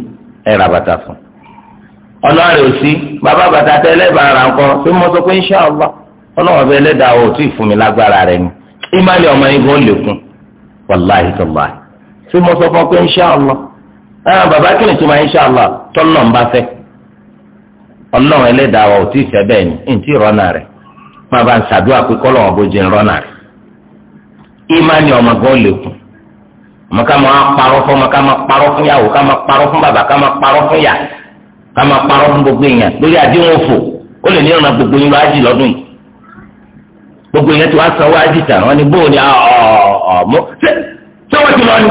ra bàtà fún ọlọ́rẹ̀ bàbá bàtà insha allah ọlọ́wọ́n fẹ́ ẹlẹ́dàá ò tí ì fún mi lágbára rẹ̀ ni ìmàlẹ́ ọmọ wàláhi tọ́lá tí mo sọ fún ọ pé inṣàlá ẹ bàbá kí ni tó máa inṣàlá tọ́lọ̀ ń bá fẹ́ ọlọ́run ẹlẹ́dàá wa ò tí ì fẹ́ bẹ́ẹ̀ ni ntí rọ́nà rẹ̀ máa bá ń ṣàdúrà pé kọ́lọ̀ wọn bójú ń rọ́nà ọmọ gan lè kù ọmọ ká máa fún ọmọ ká máa fún yàwó ká máa fún bàbá ká gbogbo èèyàn lórí àdéhùn òfò gbogbo yẹn ti wá sanwó wọn ni bóun ni ọmọ ṣé ṣé wọn ti lọ ni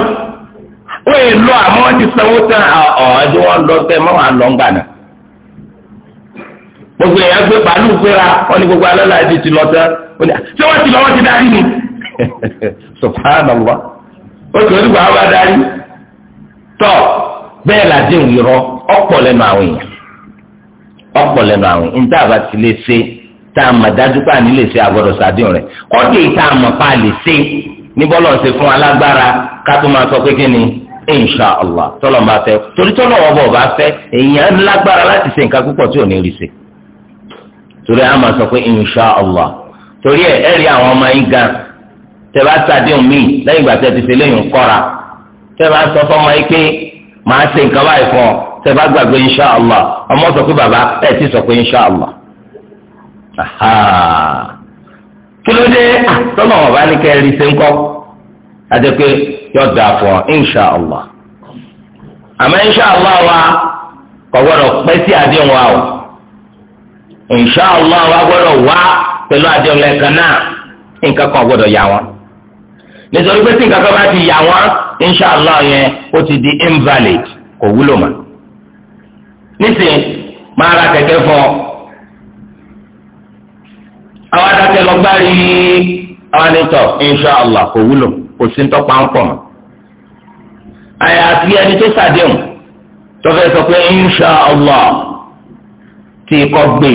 wọn yìí lọ àmọ́ wọn ti sanwó tán ọdún wọn lọ bẹ́ẹ̀ mọ wọn lọ ń gbà náà gbogbo yẹn gbé pàlú gbéra wọn ni gbogbo alẹ́ láti ti lọ tán wọn ni ṣé wọn ti lọ wọn ti darí ni subhanallah ó ti onígbà wa darí tọ bẹ́ẹ̀ làdéhùn irọ́ ọ̀pọ̀ lẹ́nu àwọn èèyàn ọ̀pọ̀ lẹ́nu àwọn èèyàn níta àbá ti lè ṣe tá a mọ̀ dájú pé àní lè ṣe àgbọ̀dọ̀ sàdéhùn rẹ̀ kọ́dé tá a mọ̀ pa lè ṣe ní bọ́lọ̀ ṣe fún alágbára ká tó máa sọ pé kí ni insha allah tọ́lọ̀ máa fẹ́ torí tọ́lọ̀ ọba ọba fẹ́ èèyàn lágbára láti ṣe nǹkan púpọ̀ tí ò ní rí ṣe torí a máa sọ pé insha allah torí ẹ ẹ rí àwọn ọmọ yín gan tẹ bá sàdéhùn míì lẹ́yìn ìgbà tẹ ti ṣe lẹ́yìn kọ́ra tẹ bá sọ fọmọ yín pé màá ṣe nǹkan báyìí fún ọ tẹ bá gbàgbé insha allah ọmọ sọ pé bàbá ẹ ti sọ pé insha allah. kí ló dé ah, tọ́lọ̀ ọ̀bá ní kẹrin ṣe ń kọ́ àti pé insha allah àmọ́ insha allah wa kò gbọ́dọ̀ pẹ́ sí àdéhùn wa o insha allah wa gbọ́dọ̀ wá pẹ̀lú àdéhùn lẹ́ẹ̀kan náà nǹkan kan gbọ́dọ̀ yà wọ́n nítorí pé tí nǹkan kan ti di invalid kò wúlò mọ́ nísìnyí máa ra kẹ̀kẹ́ àwọn adájọ́ lọ gbárí àwọn anìtọ̀ inṣàlá kò wúlò kò sí ń tọ́pa ń pọ̀ mọ́. ẹni tó sàdéhùn tó sọ pé inṣàlá tí ikọ́ gbé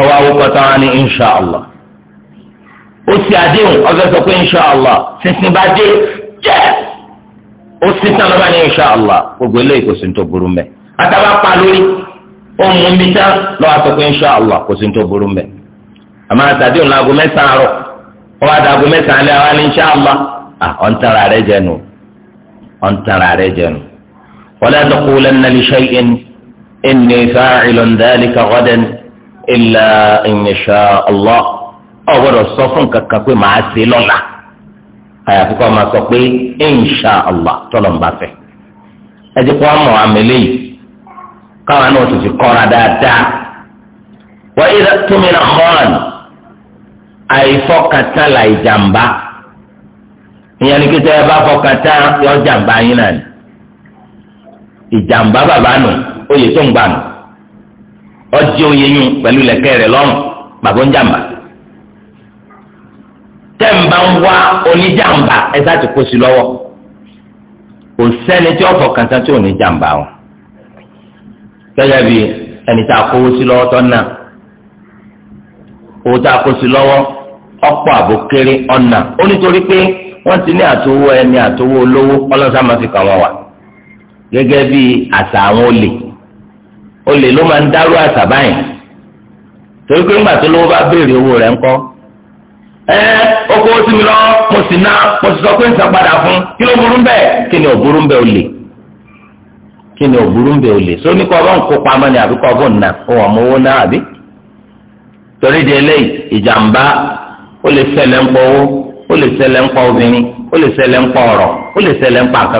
ọwọ́ awúkọ táwọn ní inṣàlá. ó sì àdéhùn ọfẹ́ sọ pé inṣàlá sísìn bá dé jẹ́ ó sì tán lọ́ba ní gbogbo eléyìí kò sí àmọ́ àtàdéhùn láago mẹ́sàn-án rọ̀ wọ́n wá dàgó mẹ́sàn-án lé àwọn insha Allah ọ̀ntara rẹ̀ jẹnu ọ̀ntara rẹ̀ jẹnu. wala taqulanna li shay'in inni fa'ilun dhalika ghadan illa in sha Allah ọ̀ gbọ́dọ̀ sọ fún kankan pé màá ṣe lọ́la àyàfi kọ́ máa sọ pé insha Allah tọ́lọ̀ ń bá fẹ́. ẹ ti kọ́ àmọ̀ àmì lẹ́yìn káwọn náà ti kọ́ra dáadáa. wa idha àìfọkàntán là ìjàmbá ìyẹn ni kíkẹ́ ẹ bá fọkàntán yọ jàmbá yín náà ni ìjàmbá bàbá nù oyè tó ń gbà nù oyè yín pẹ̀lú lẹ́kẹ́ rẹ̀ lọ́rùn bàbá ń jàmbá tẹ́ǹbà ń wá oníjàmbá ẹ sá kó sí lọ́wọ́ kò sẹ́ni tí ó fọkàntán tí wọn gẹ́gẹ́ ẹni tá a kówó sí lọ́wọ́ ọ̀pọ̀ àbókèrè ọ̀nà ó nítorí pé wọ́n ti ní àtowó ẹni àtowó olówó ọlọ́sà máa fi kàn wọ́n wà gẹ́gẹ́ bí àṣà àwọn olè olè ló máa ń dárú àṣà báyìí torí pé ńgbà tó lówó bá béèrè owó rẹ̀ sọ pé ń san fún kí ló burú bẹ́ẹ̀ kí ni ò burú bẹ́ẹ̀ ni ò burú bẹ́ẹ̀ kọ́ kó pamọ́ ni àbí kọ́ ó owó torí di eléyìí ìjàmbá O le ṣẹlẹ̀ ń pọ̀ owó ó lè ṣẹlẹ̀ ń pọ̀ obìnrin o le ṣẹlẹ̀ ń pọ̀ ọ̀rọ̀ ó lè ṣẹlẹ̀ ń pọ̀ àǹkà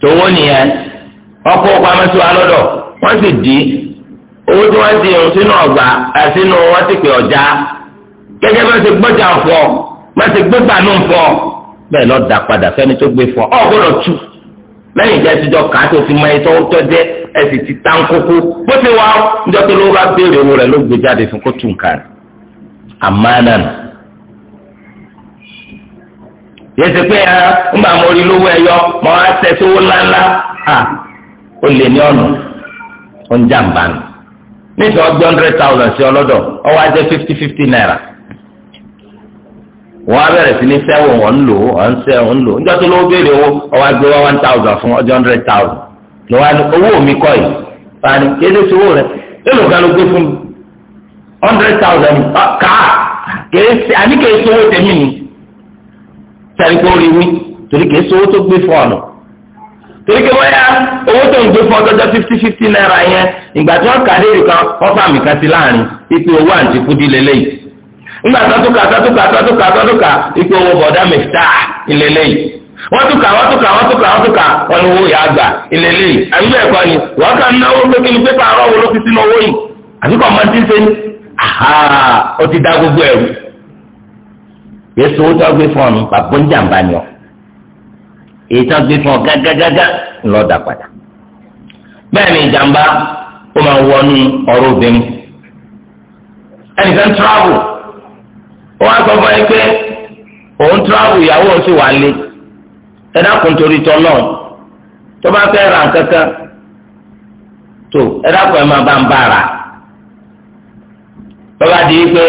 tòwó nìyẹn wọ́n sì dì owó tí wọ́n ti yàn sínú ọgbà sínú wọ́n ti pè ọjà si bá ti gbọ́jà fọ́ bá ti gbégbà padà tó gbé tù ìjà ẹ sì ti tán kókó bó ti wá ǹjẹ́ tó ló bá béèrè owó rẹ̀ ló gbé jáde fún kó tún nǹkan rẹ̀ nù. yẹsẹ pé ẹ ń bá mo rí lówó ẹyọ mọ á tẹ sówó ńláńlá à ó lè ní ọ̀nà ó ń jàǹbá nù. hundred thousand sí ọlọ́dọ̀ jẹ́ fifty fifty naira wọ́n á bẹ̀rẹ̀ sí ní sẹ́wọ̀n ọ̀ ń lò ọ̀ ń sẹ́wọ̀n ń lò tó béèrè owó gbé ló wá ní owó mi kọ́ yìí fani kéde sí owó rẹ èlò ló gbé fún mi hundred thousand ah, káà kéésì àní kéésì owó ni sẹ́ni kó rí mi torí kéésì owó tó gbé fún ọ̀nà torí ké bóyá owó tó ń gbé fún ọjọ́jọ́ fifty fifty naira yẹn ìgbà tí wọ́n kà dé ìkan wọ́n fà kan sí láàrin ipe owó àǹtí kúdí lélẹ́yìí ńgbà tó tó kà tó tó kà tó tó kà wọ́n tún kà wọ́n tún kà wọ́n tún kà wọ́n tún kà wọ́n owó yà á gbà ilẹ̀ lẹ́yìn àyùbá ẹ̀kọ́ ni wọ́n kà ń náwó pé kí ni pépà àárọ̀ wo ló fi sínú owó yìí àbíkọ́ máa ti ń sẹ́ni ó ti dá gbogbo ẹ̀rù yẹsọ owó tó gbé fún ọ nípa bóńjàmbá ni ọ èyí tó gbé fún ọ gágágágá ńlọ́ọ̀dà padà bẹ́ẹ̀ ni ìjàmbá ó máa wọnú ọ̀rọ̀ obìnrin ẹnìkan ẹ dákun torí tọlọ́n tó bá ra kankan tó ẹ ẹ máa bá ń bára bàbá di pé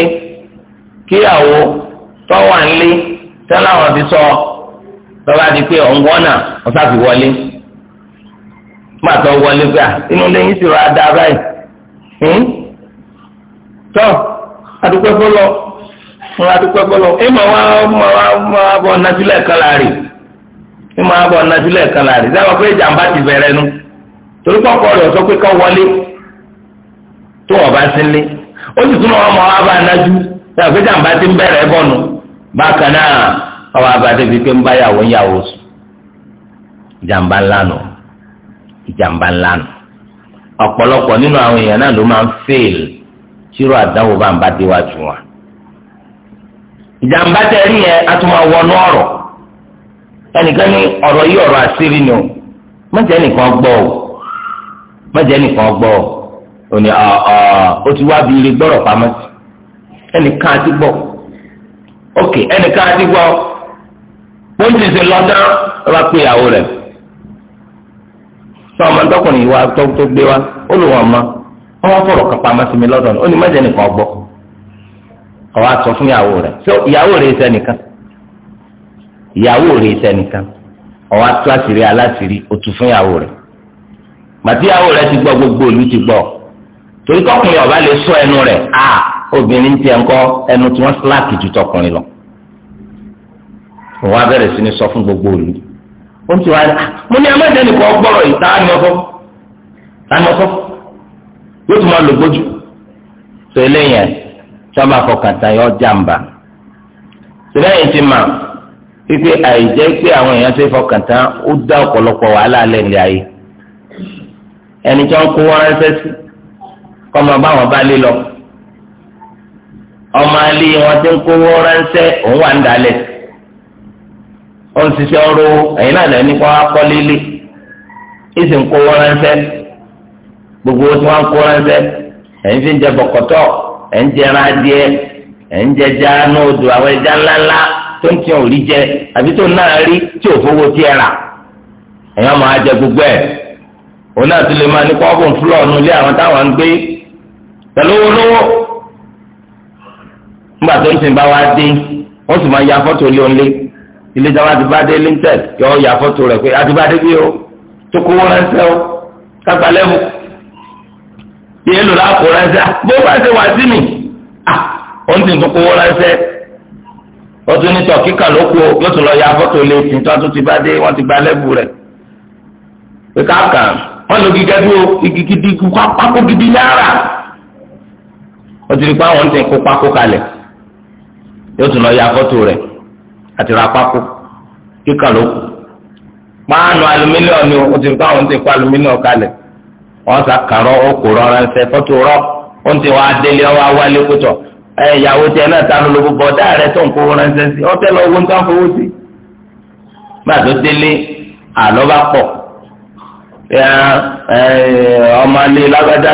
kíyàwó tọ́wà ńlé tẹ́láwọ̀n ti sọ bàbá di pé ọ̀ngọ́nà ọ̀sáfi wọlé wọlé gbà inú sì báyìí ní mo abọ ọ̀nà sílẹ̀ kan láàrin sábà pé jàǹbá ti bẹ̀rẹ̀ nu torí pọ̀pọ̀ rẹ̀ sọ pé ká wọlé tó ọ̀bá sílé ó sì ọmọ wa bá nájú sábà pé jàǹbá ti ń bẹ̀rẹ̀ bọ̀ nu bákan náà abàdé fi pé ń bá yàwó ń yàwó sùn ńlá nù ńlá nù ọ̀pọ̀lọpọ̀ nínú àwọn èèyàn náà ló máa ń bá ń bá ẹnìkan ní ọ̀rọ̀ yìí ọ̀rọ̀ àṣírí ni o mọ̀jẹ̀ nìkan gbọ́ o mọ̀jẹ̀ nìkan gbọ́ o ò ní ọ ti wá bi ilé gbọ́rọ̀ pamọ́ sí ẹnìkan àti gbọ́ ok ẹnìkan àti gbọ́ bó ń tẹ̀sẹ̀ lọ́dá ẹ bá pé ìyàwó rẹ̀ sọ ọmọ ntọ́kùnrin yìí wá tó gbé wá ó lò wọ́n mọ́ wọ́n wá fọ̀rọ̀ kan pamọ́ sí mi lọ́dọ̀ ni ó ní mọ̀jẹ̀ nìkan gbọ́ ọ̀ wá sọ fún ìyàwó rẹ̀ so ìyàwó rẹ̀ ṣẹ́ ìyàwó rẹ̀ sẹ́nìkan ọ̀wá tó àṣírí aláṣírí ó tú fún ìyàwó rẹ̀ màtíyàwó rẹ̀ ti gbọ gbogbo ìlú ti gbọ́ torí kọkùnrin ọba lè sọ ẹnu rẹ a obìnrin ntị ńkọ́ ẹnu tí wọn síláàkì ju tọkùnrin lọ òun á sí sọ fún gbogbo olu ó ti wá ní mo ní gbọrọ yìí tá a ní tá a ní yóò tún máa lò gbójú tó tí pípé àìjẹ́ pé àwọn èèyàn ṣe fọkàn tán ó dá ọ̀pọ̀lọpọ̀ wàhálà ayé ẹni tí wọ́n kó wọn ránṣẹ́ sí kọ́ bá wọn bá lé lọ ọmọ alẹ́ wọn ti ń kó wọn ránṣẹ́ òun wà ń dalẹ̀ ó ń ṣiṣẹ́ ọ̀rọ̀ tí wọ́n ń kó ránṣẹ́ fi ń jẹ bọ̀kọ̀tọ̀ ẹ̀ ń tó ń tiẹ̀ ò nari jẹ àbí tó náà rí tí ò fowó jẹ gbogbo ẹ òun náà ti lè máa ní kọ́ọ̀bùn fúlọ̀ọ̀nù ilé àwọn táwọn ń gbé pẹ̀lú lówó nígbà tó ń sìn bá dé wọ́n sì máa ya fọ́tò ilé òun lé ilé ti bá ya fọ́tò rẹ̀ pé bá dé bí o tó kówó ránṣẹ́ o kápá ránṣẹ́ bó bá ṣe sí mi ah òun ó tún ní tọ̀ kíkà ló kú yóò tún lọ ya fọ́tò lé tí tó tún ti bá dé wọ́n ti gba lẹ́bù rẹ̀ pé wọ́n lò igi gidi pákó gidi náírà ó ti rí pé àwọn ti kó pákó kalẹ̀ yóò tún lọ ya fọ́tò rẹ̀ àti ra pákó ló kú páànù ó ti rí pé àwọn kalẹ̀ wọ́n sàkàrọ̀ ó rọra ń sẹ́ fọ́tò ó wá délé ọ ẹ ìyàwó náà tanu ló bọ ọdá rẹ tó ń kó ránṣẹ́ sí ọtẹ lọ owó nǹkan fowó sí gbà tó délé àlọ bá pọ̀ ọmọ alẹ lágbádá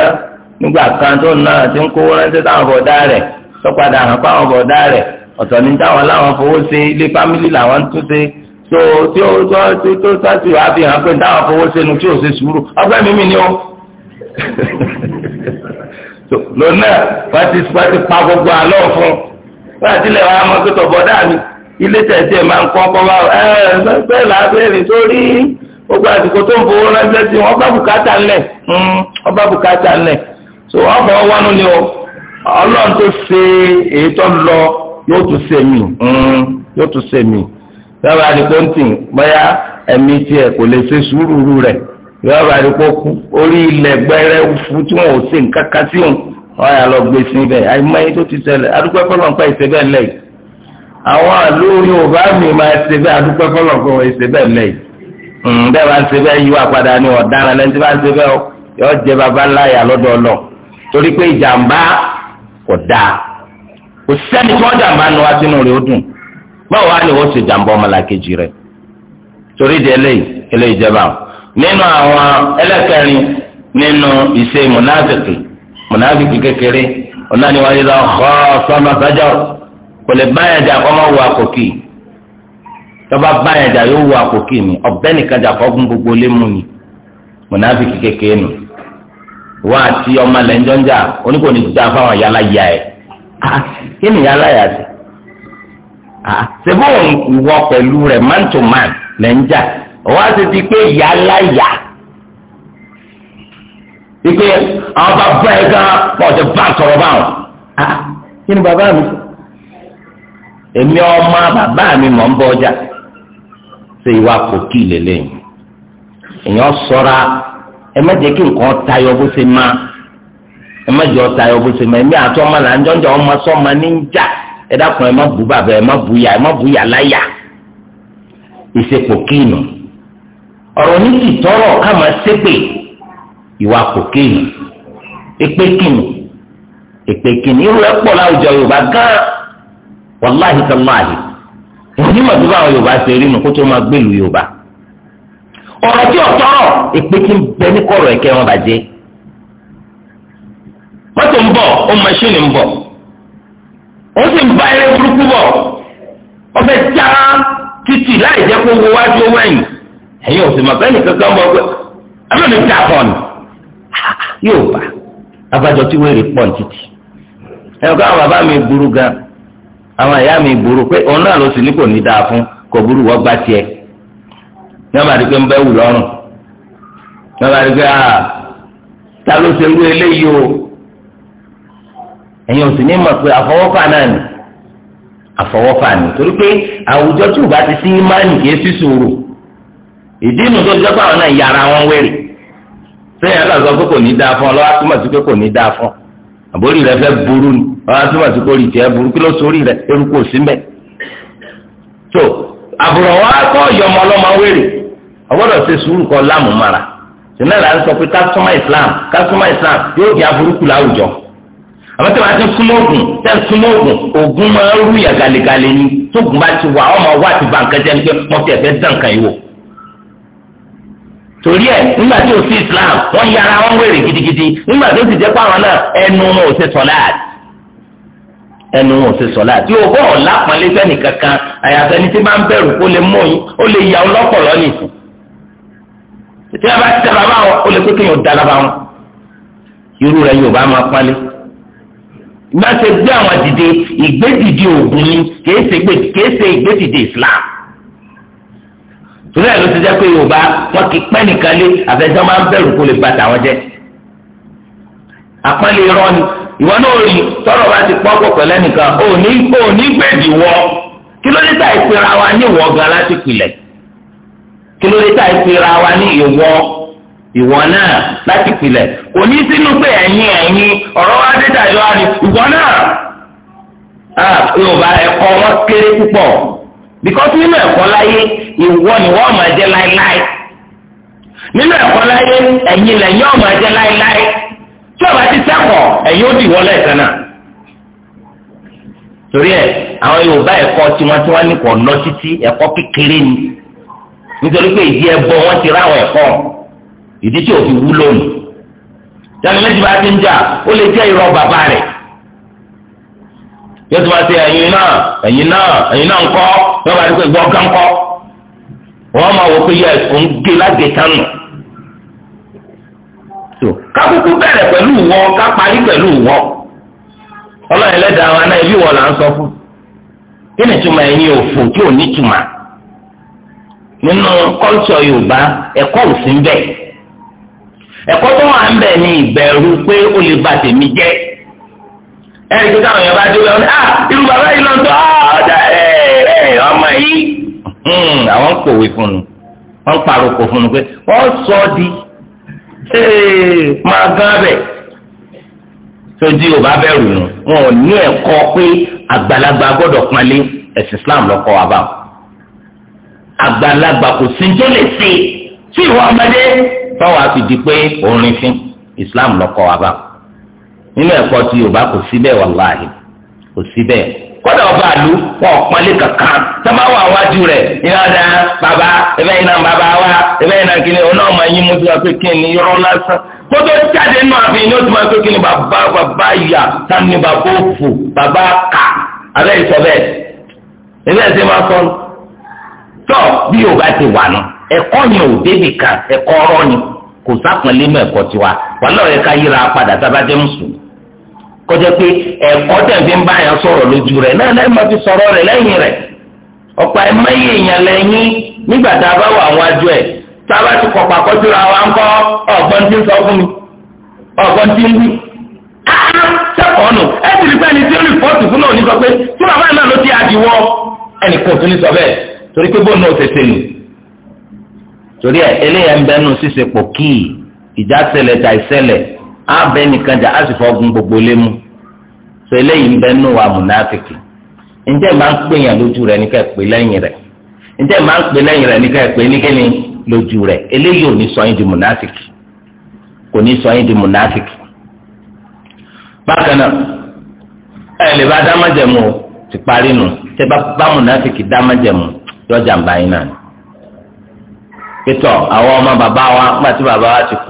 nígbà kan tó náà ti ń kó ránṣẹ́ táwọn bọdá rẹ tó padà hàn fáwọn bọdá rẹ ọ̀tọ̀ ní táwọn láwọn fowó sí ilé fámìlì làwọn tún ṣe tó tí ó tó tó fi lónà pati pati pa gbogbo alọ́ fún pati lẹ́wọ̀n amọ́kítọ̀ bọ́dá mi ilé tẹ̀sí máa ń kọ́ kọ́ báwọ̀ ẹ̀ bẹ́ẹ̀ là á sórí gbogbo àsìkò tó ń fowó sí ọba bùkátà hmm, so wọn ni o ọlọ́run tó ṣe èyí tó lọ yóò tún ṣe mí hmm, yóò tún ṣe mí kò lè ṣe yọọ bá rí orí ilẹ̀ gbẹ́rẹ́ fún tí wọn ò sí nǹkan sí òun yà lọ gbé sí bẹ́ẹ̀ àìmọye tó ti ṣẹlẹ̀ adúpẹ́ fọlọ́npẹ́ ìṣe bẹ́ẹ̀ lẹ́yìn àwọn àlóyún ọba mi máa ṣe bẹ́ẹ̀ adúpẹ́ ìṣe bẹ́ẹ̀ hmm, bẹ́ẹ̀ bá ń ṣe bẹ́ẹ̀ yíwá padà ní ọ̀daràn lẹ́ni tí bá ń ṣe bẹ́ẹ̀ yọ ọlọ torí pé ìjàmbá kò dáa kò sẹ́ni tí wọ́n jàmbá nu sínú rẹ̀ ó dùn báwo wá ni wọ́n ṣe jàmbá ọmọlàkejì nínú àwọn ẹlẹ́kẹrin nínú ìṣe mùnáfìkì mùnáfìkì kékeré onániwájú lọ xọ́ sọ́mọ́sájọ́ kò lè bá yẹn jà wọ àkókì tọ́ba bá yẹn yóò wọ àkókì mi ọ̀bẹ nìkan jà kó gbogbo lé ni mùnáfìkì kékeré nù wọ́n àti ọmọ oníkò ní yàrá yà ẹ̀ ah, kí ni yàrá yà sí? pẹ̀lú rẹ̀ man to man lẹ́njà òun á ti di pé ìyá láyà ipe àwọn bàbá ẹ gan pọ̀jù bá sọ̀rọ̀ báwọn. Ah, kí ni bàbá mi èmi ọmọ bàbá mi mọ̀ ń bọ ọjà ṣe ìwà kò kí lélẹ́yìn èèyàn sọ́ra ẹ má jẹ́ kí nǹkan tayọ bó ṣe máa ẹ má jẹ́ ọ tayọ bó ṣe máa ẹ̀mí àti ọmọ là ń jọ́njọ́ ọmọ sọ́ma ní ń jà ẹ dákun ẹ má bú bàbá ẹ má bú ya ẹ má bú ya láyà ìṣepò kí nù ọ̀rọ̀ ní sì tọrọ ká máa ṣépè ìwà kò kéèyàn èpè kìnnì èpè kìnnì irú ẹ̀ pọ̀ láwùjọ yorùbá gán wàláhì sàmáàlì ìdí mọ̀ tó bá àwọn yorùbá ṣe rí nu kó tó máa gbèlú yorùbá ọ̀rọ̀ tí ò tọrọ èpè kí ń bẹ ní kọ̀rọ̀ ẹ̀kẹ́ wọn bàjẹ́ mọ́tò ń bọ̀ ó mọ́ṣínì ń bọ̀ ó sì ń bá eré burúkú bọ̀ ó já títì láì jẹ́ kó wo wájú owó ẹ̀yìn. ẹ̀yin ò sì mọ̀ bẹ́ẹ̀ nìkan kan pé ẹ̀mọ́ ti ni yóò bá abájọ tí wọ́n èrè pọ̀ ní títì ẹ̀rọ bàbá mi burú gan àwọn ìyá mi burú pé òun náà ló sì ní kò ní dáa fún kò burú wọ́n gbá tiẹ̀ ní ọmọ àdìgbé ń bẹ́ wù lọ́rùn ní ọmọ àdìgbé à ta ló ṣe wú eléyìí o ẹ̀yin ò sì ní pé ni àfọwọ́fà ni torí pé àwùjọ tí bá ti sí ìdí inú tó jẹ́ báwọn náà yàrá wọn wẹ̀rẹ̀ sẹ́yìn aláàzọ pé kò ní dáa fún ọ lọ́wọ́ túmọ̀ sí pé kò ní dáa fún ọ àbórí rẹ fẹ́ burú ni lọ́wọ́ túmọ̀ sí pé orí burú kí ló sórí rẹ eruku ò sí so àbùrọ̀ wa kọ́ yọmọ ọlọ́mọ wẹ̀rẹ̀ ọgbọ́dọ̀ ṣe sùúrù kọ láàmú mara sìnà ń sọ pé kásùmá islam kásùmá islam yóò di aburúkú láwùjọ àmọ́ tí wàá ti súnmọ́ ògùn tẹ́ súnmọ́ ògùn ògùn máa ń rú yà gàlẹ́gàlẹ́ ni tóògùn bá ti wà ọmọ wa ti bàǹkà jẹ́ nígbẹ́ mọ́tì ẹ̀fẹ́ dànkà yìí wò torí ẹ nígbà tí o sí islam wọn yára wọn wèrè gidigidi nígbà tó ti jẹ pé àwọn náà ẹnu wọn ò ṣe sọláàt ẹnu wọn ò ṣe sọláàt yóò bọ ọlá pọnlé sẹni kankan àyàfẹ ní tí máa ń bẹ̀rù kó lè mú yín ó lè yà ọ lọpọlọ nìsí tí a bá ti tẹ bàbá wọn ó lè pé kéèyàn dára bá wọn irú rẹ yóò bá máa pọnlé ìgbà tó gbé àwọn dìde ìgbédìde ògùn ni kèé ṣe ìgbédìde islam ìrẹ́ ló ti jẹ́ pé yorùbá wọn kì í pẹ́ nìkan lé àfẹsẹ́ máa ń bẹ̀rù kó lè ba tàwọn jẹ́ àpọ́nlé irọ́ ni ìwọ náà rí tọrọ bá ti pọ́ pọ̀ pẹ̀lẹ́ nìkan ò ní ò ní gbèdì wọ kí ló dé tá ìpera wa ní ìwọ gan láti pilẹ̀ kí ló dé tá ìpera wa ní ìwọ ìwọ náà láti pilẹ̀ kò ní sínú pé ẹ̀yin ẹ̀yin ọ̀rọ̀ wa dé dàjọ́ ni ìwọ náà ah, yorùbá ẹ̀kọ́ wọn kéré púpọ̀ because nínú ẹ̀kọ́ láyé ìwọ ni wọ́n máa jẹ́ láéláé nínú ẹ̀kọ́ láyé ẹ̀yin lẹ́yìn ọ̀ máa jẹ́ láéláé tí ọba ti sẹ́kọ̀ ẹ̀yin ó dìwọ́ lẹ́sẹ̀ náà torí ẹ àwọn Yorùbá ẹ̀kọ́ tiwọn tí wọ́n ní kò lọ títí ẹ̀kọ́ kékeré ni nítorí pé ìdí ẹbọ wọn ti ráwọn ẹ̀kọ́ ìdí tí òfin wúlò nù jáde méjì bá ti ń jà ó lè jẹ́ irọ́ bàbá rẹ̀ yóò tó bá ṣe ẹ̀yin náà ẹ̀yin náà ẹ̀yin náà ńkọ́ yóò bá dúpẹ́ gbọ́ gán wọ́n máa wọ pé yẹ òun gé lágé tánù. kákúkú bẹ̀rẹ̀ pẹ̀lú wọ ká parí pẹ̀lú wọ ọlọ́run wọ̀ là ń sọ fún kí ni ẹ̀yin òfò tí ò ní nínú yorùbá ẹ̀kọ́ ẹni tó táwọn yẹn bá dé lọ ah irú bàbá yìí lọ tó ah, ọjà ẹ eh, eh, ọmọ yìí. Hmm, àwọn kòwé fún un wọn pàrọkò fún un pé wọn sọ ọ di máa gán bẹ sojú yorùbá bẹ̀rù nù wọn ò ní ẹ̀kọ́ pé àgbàlagbà gbọ́dọ̀ pọnlé ẹ̀sìn islam lọ́kọ́ wa bá àgbàlagbà kò sí tó lè ṣe tí ìwọ ọmọdé tọ́wọ́ àti di pé orin fún islam lọ́kọ́ wa bá. nínú ẹ̀kọ́ tí yorùbá kò sí bẹ́ẹ̀ wàláhì kò sí bẹ́ẹ̀ kọ́dà ọba àlú wọn ọ̀pọ̀lẹ́ kankan sábàwọ̀ àwájú rẹ̀ iná da bàbá ẹ̀fẹ́ iná bàbá wa ẹ̀fẹ́ iná kìíní ọ̀nà ọmọ yín mú pé yọrọ lásán jáde nínú àfihàn ní oṣù bàbá bàbá bàbá bàbá kà abẹ́ ìsọ bẹ́ẹ̀ ẹ̀fẹ́ ẹ̀sẹ̀ máa sọ tọ́ bí yorùbá ti wà nù ẹ̀kọ́ ò débì kan ẹ̀kọ́ ọ̀rọ̀ ni kò mọ́ ẹ̀kọ́ tiwa yíra padà kọjá pé ẹ̀kọ́ tẹ̀sí ń bá sọ̀rọ̀ lójú rẹ̀ náà lẹ́yìn máa fi sọ̀rọ̀ rẹ̀ lẹ́yìn rẹ̀ ọ̀pọ̀ ẹ̀mẹ́yìn èèyàn lẹ́yìn nígbà tá àwọn ẹ̀ tá a bá ti kọ̀ ra wa ọ̀gbọ́n tí ń sọ fún mi ọ̀gbọ́n tí ń ẹ ti rí tí ó fún sọ pé bàbá abẹ nìkan jà á sì gbogbo lé mu sọ eléyìí ń bẹ nù wà múnáfìkì ǹjẹ́ máa ń pè yàn lójú rẹ̀ níkà pé lẹ́yìn rẹ̀ ǹjẹ́ máa ń pè lẹ́yìn rẹ̀ níkà lójú sọ yín di múnáfìkì kò ní sọ yín di múnáfìkì. bákan ẹ lè bá dámájẹmú ti parí nù tẹ bá bá múnáfìkì dámájẹmú yọjà pétọ àwọn ọmọ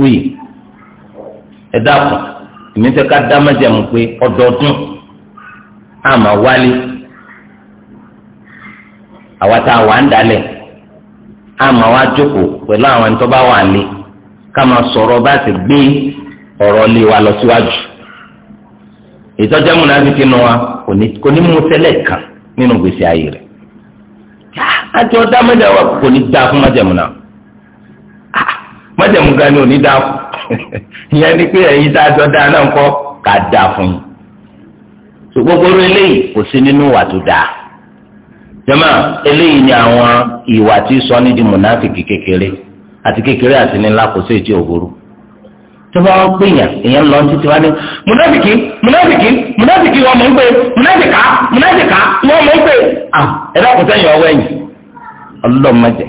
ẹ dákun èmi ká dá májẹ̀mú pé ọdọọdún á máa wálé àwa tá a wà ń dalẹ̀ á máa wá jókòó pẹ̀lú àwọn ẹni tó bá wà lé ká máa bá ti gbé ọrọ lé wa lọ síwájú ìtọ́jú múnafíkì nù wa kò ní mú kan nínú gbèsè àti wa kò ní dáa ìyẹn ni pé ẹ̀yin tá a jọ dáa náà kọ́ ká dáa fún yín tó gbogbo eléyìí kò sí nínú ìwà tó dáa jọ̀mọ́ eléyìí ni àwọn ìwà tí sọ ní di mùnáfìkì kékeré àti kékeré àti nílá kò sí ètí òhòrò tó bá wọn gbìyàn èèyàn lọ títí wá ní mùnáfìkì mùnáfìkì mùnáfìkì wọn mọ̀ ń pè mùnáfìkà mùnáfìkà wọn mọ̀ ń pè à ẹ̀dá kò sẹ́yìn ọwọ́ ẹ̀yìn ọlọ́mọdé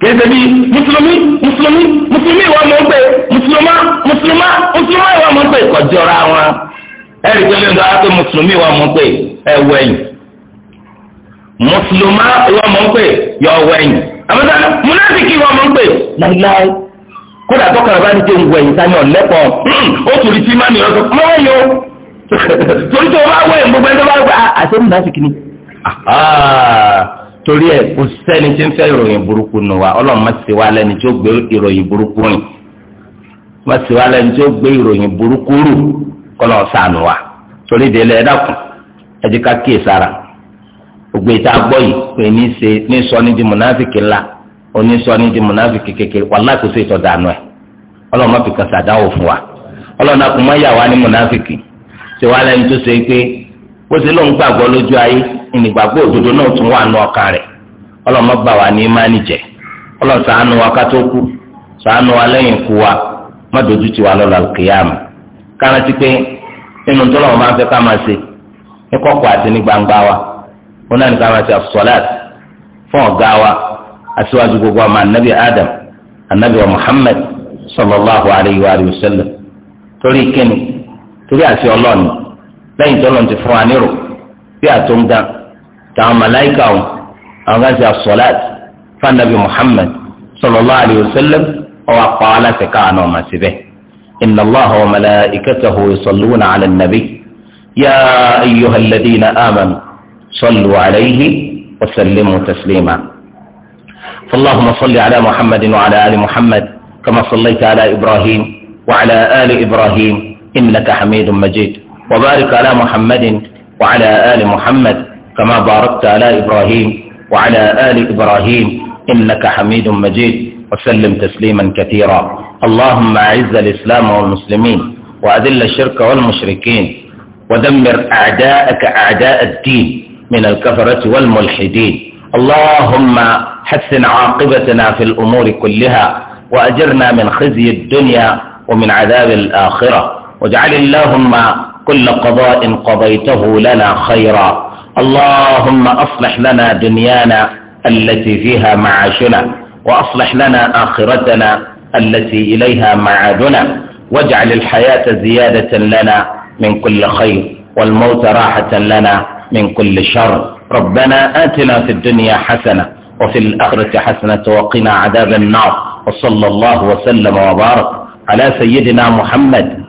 e bíi mùsùlùmí mùsùlùmí mùsùlùmí ìwà mọ̀ pé mùsùlùmá mùsùlùmá mùsùlùmá ìwà mọ̀ pé kọjọra wọn ẹ̀rí tó lè dọ́ àti mùsùlùmí ìwà mọ̀ pé ẹ mùsùlùmá ìwà mọ̀ pé yọ ìwà láíláí kódà wẹ̀yìn sani ọ̀lẹ́pọ̀ ó torí ẹ kò sẹ́ni tí ń fẹ ìròyìn burúkú nù wá ọlọ́run má ṣe tí ó gbé ìròyìn burúkú rìn má ṣe tí ó gbé ìròyìn burúkú rù sànù wá torí délé ẹ̀dàkùn ẹ̀dí kíyè sára ògbé tá a yìí pé ní ṣe ní sọ di mùnáfìkì ńlá oní sọ di mùnáfìkì kékeré bó ti lóun gbàgbọ́ lójú ayé ìnìgbàgbọ́ òdodo náà tún wà nù ọkàn rẹ̀ ọlọ́mọ bá wa ní ìmánì jẹ́ ọlọ́run ṣàánú wa ká tó kú ṣàánú wa lẹ́yìn ikú wa má dojú ti wa lọ́la kìyàmù kárántí pé nínú tó lọ́wọ́ máa ń fẹ́ ká máa ṣe ní kọ̀kọ̀ àti ní gbangba wa wọn náà ní ká máa ṣe àfọ̀lát fún ọ̀gá wa aṣíwájú gbogbo àmà anabi adam anabi wa muhammad sallallahu alayhi wa sallam torí kíni torí àti ọlọ́ọ̀ni lẹ́yìn tó lọ́n ti fún wa nírò bí àtúndà táwọn màláìkà wọn àwọn kan ṣe àsọ̀láàt fanabi muhammed sallallahu alayhi wa sallam ọwọ́ apá wa láti ká àná ọmọ síbẹ̀ ìnà inna allaha wa malaikatahu yusalluna àlẹ́ nabi ya ayyuha alladhina amanu àmàn alayhi wa sallimu taslima فاللهم صل alẹ́ محمد وعلى ال محمد كما صليت على ابراهيم وعلى ال ابراهيم انك حميد مجيد وبارك على محمد وعلى آل محمد كما باركت على إبراهيم وعلى آل إبراهيم إنك حميد مجيد وسلم تسليما كثيرا اللهم أعز الإسلام والمسلمين وأذل الشرك والمشركين ودمر أعداءك أعداء الدين من الكفرة والملحدين اللهم حسن عاقبتنا في الأمور كلها وأجرنا من خزي الدنيا ومن عذاب الآخرة واجعل اللهم كل قضاء قضيته لنا خيرا اللهم أصلح لنا دنيانا التي فيها معاشنا وأصلح لنا آخرتنا التي إليها معادنا واجعل الحياة زيادة لنا من كل خير والموت راحة لنا من كل شر ربنا آتنا في الدنيا حسنة وفي الآخرة حسنة وقنا عذاب النار وصلى الله وسلم وبارك على سيدنا محمد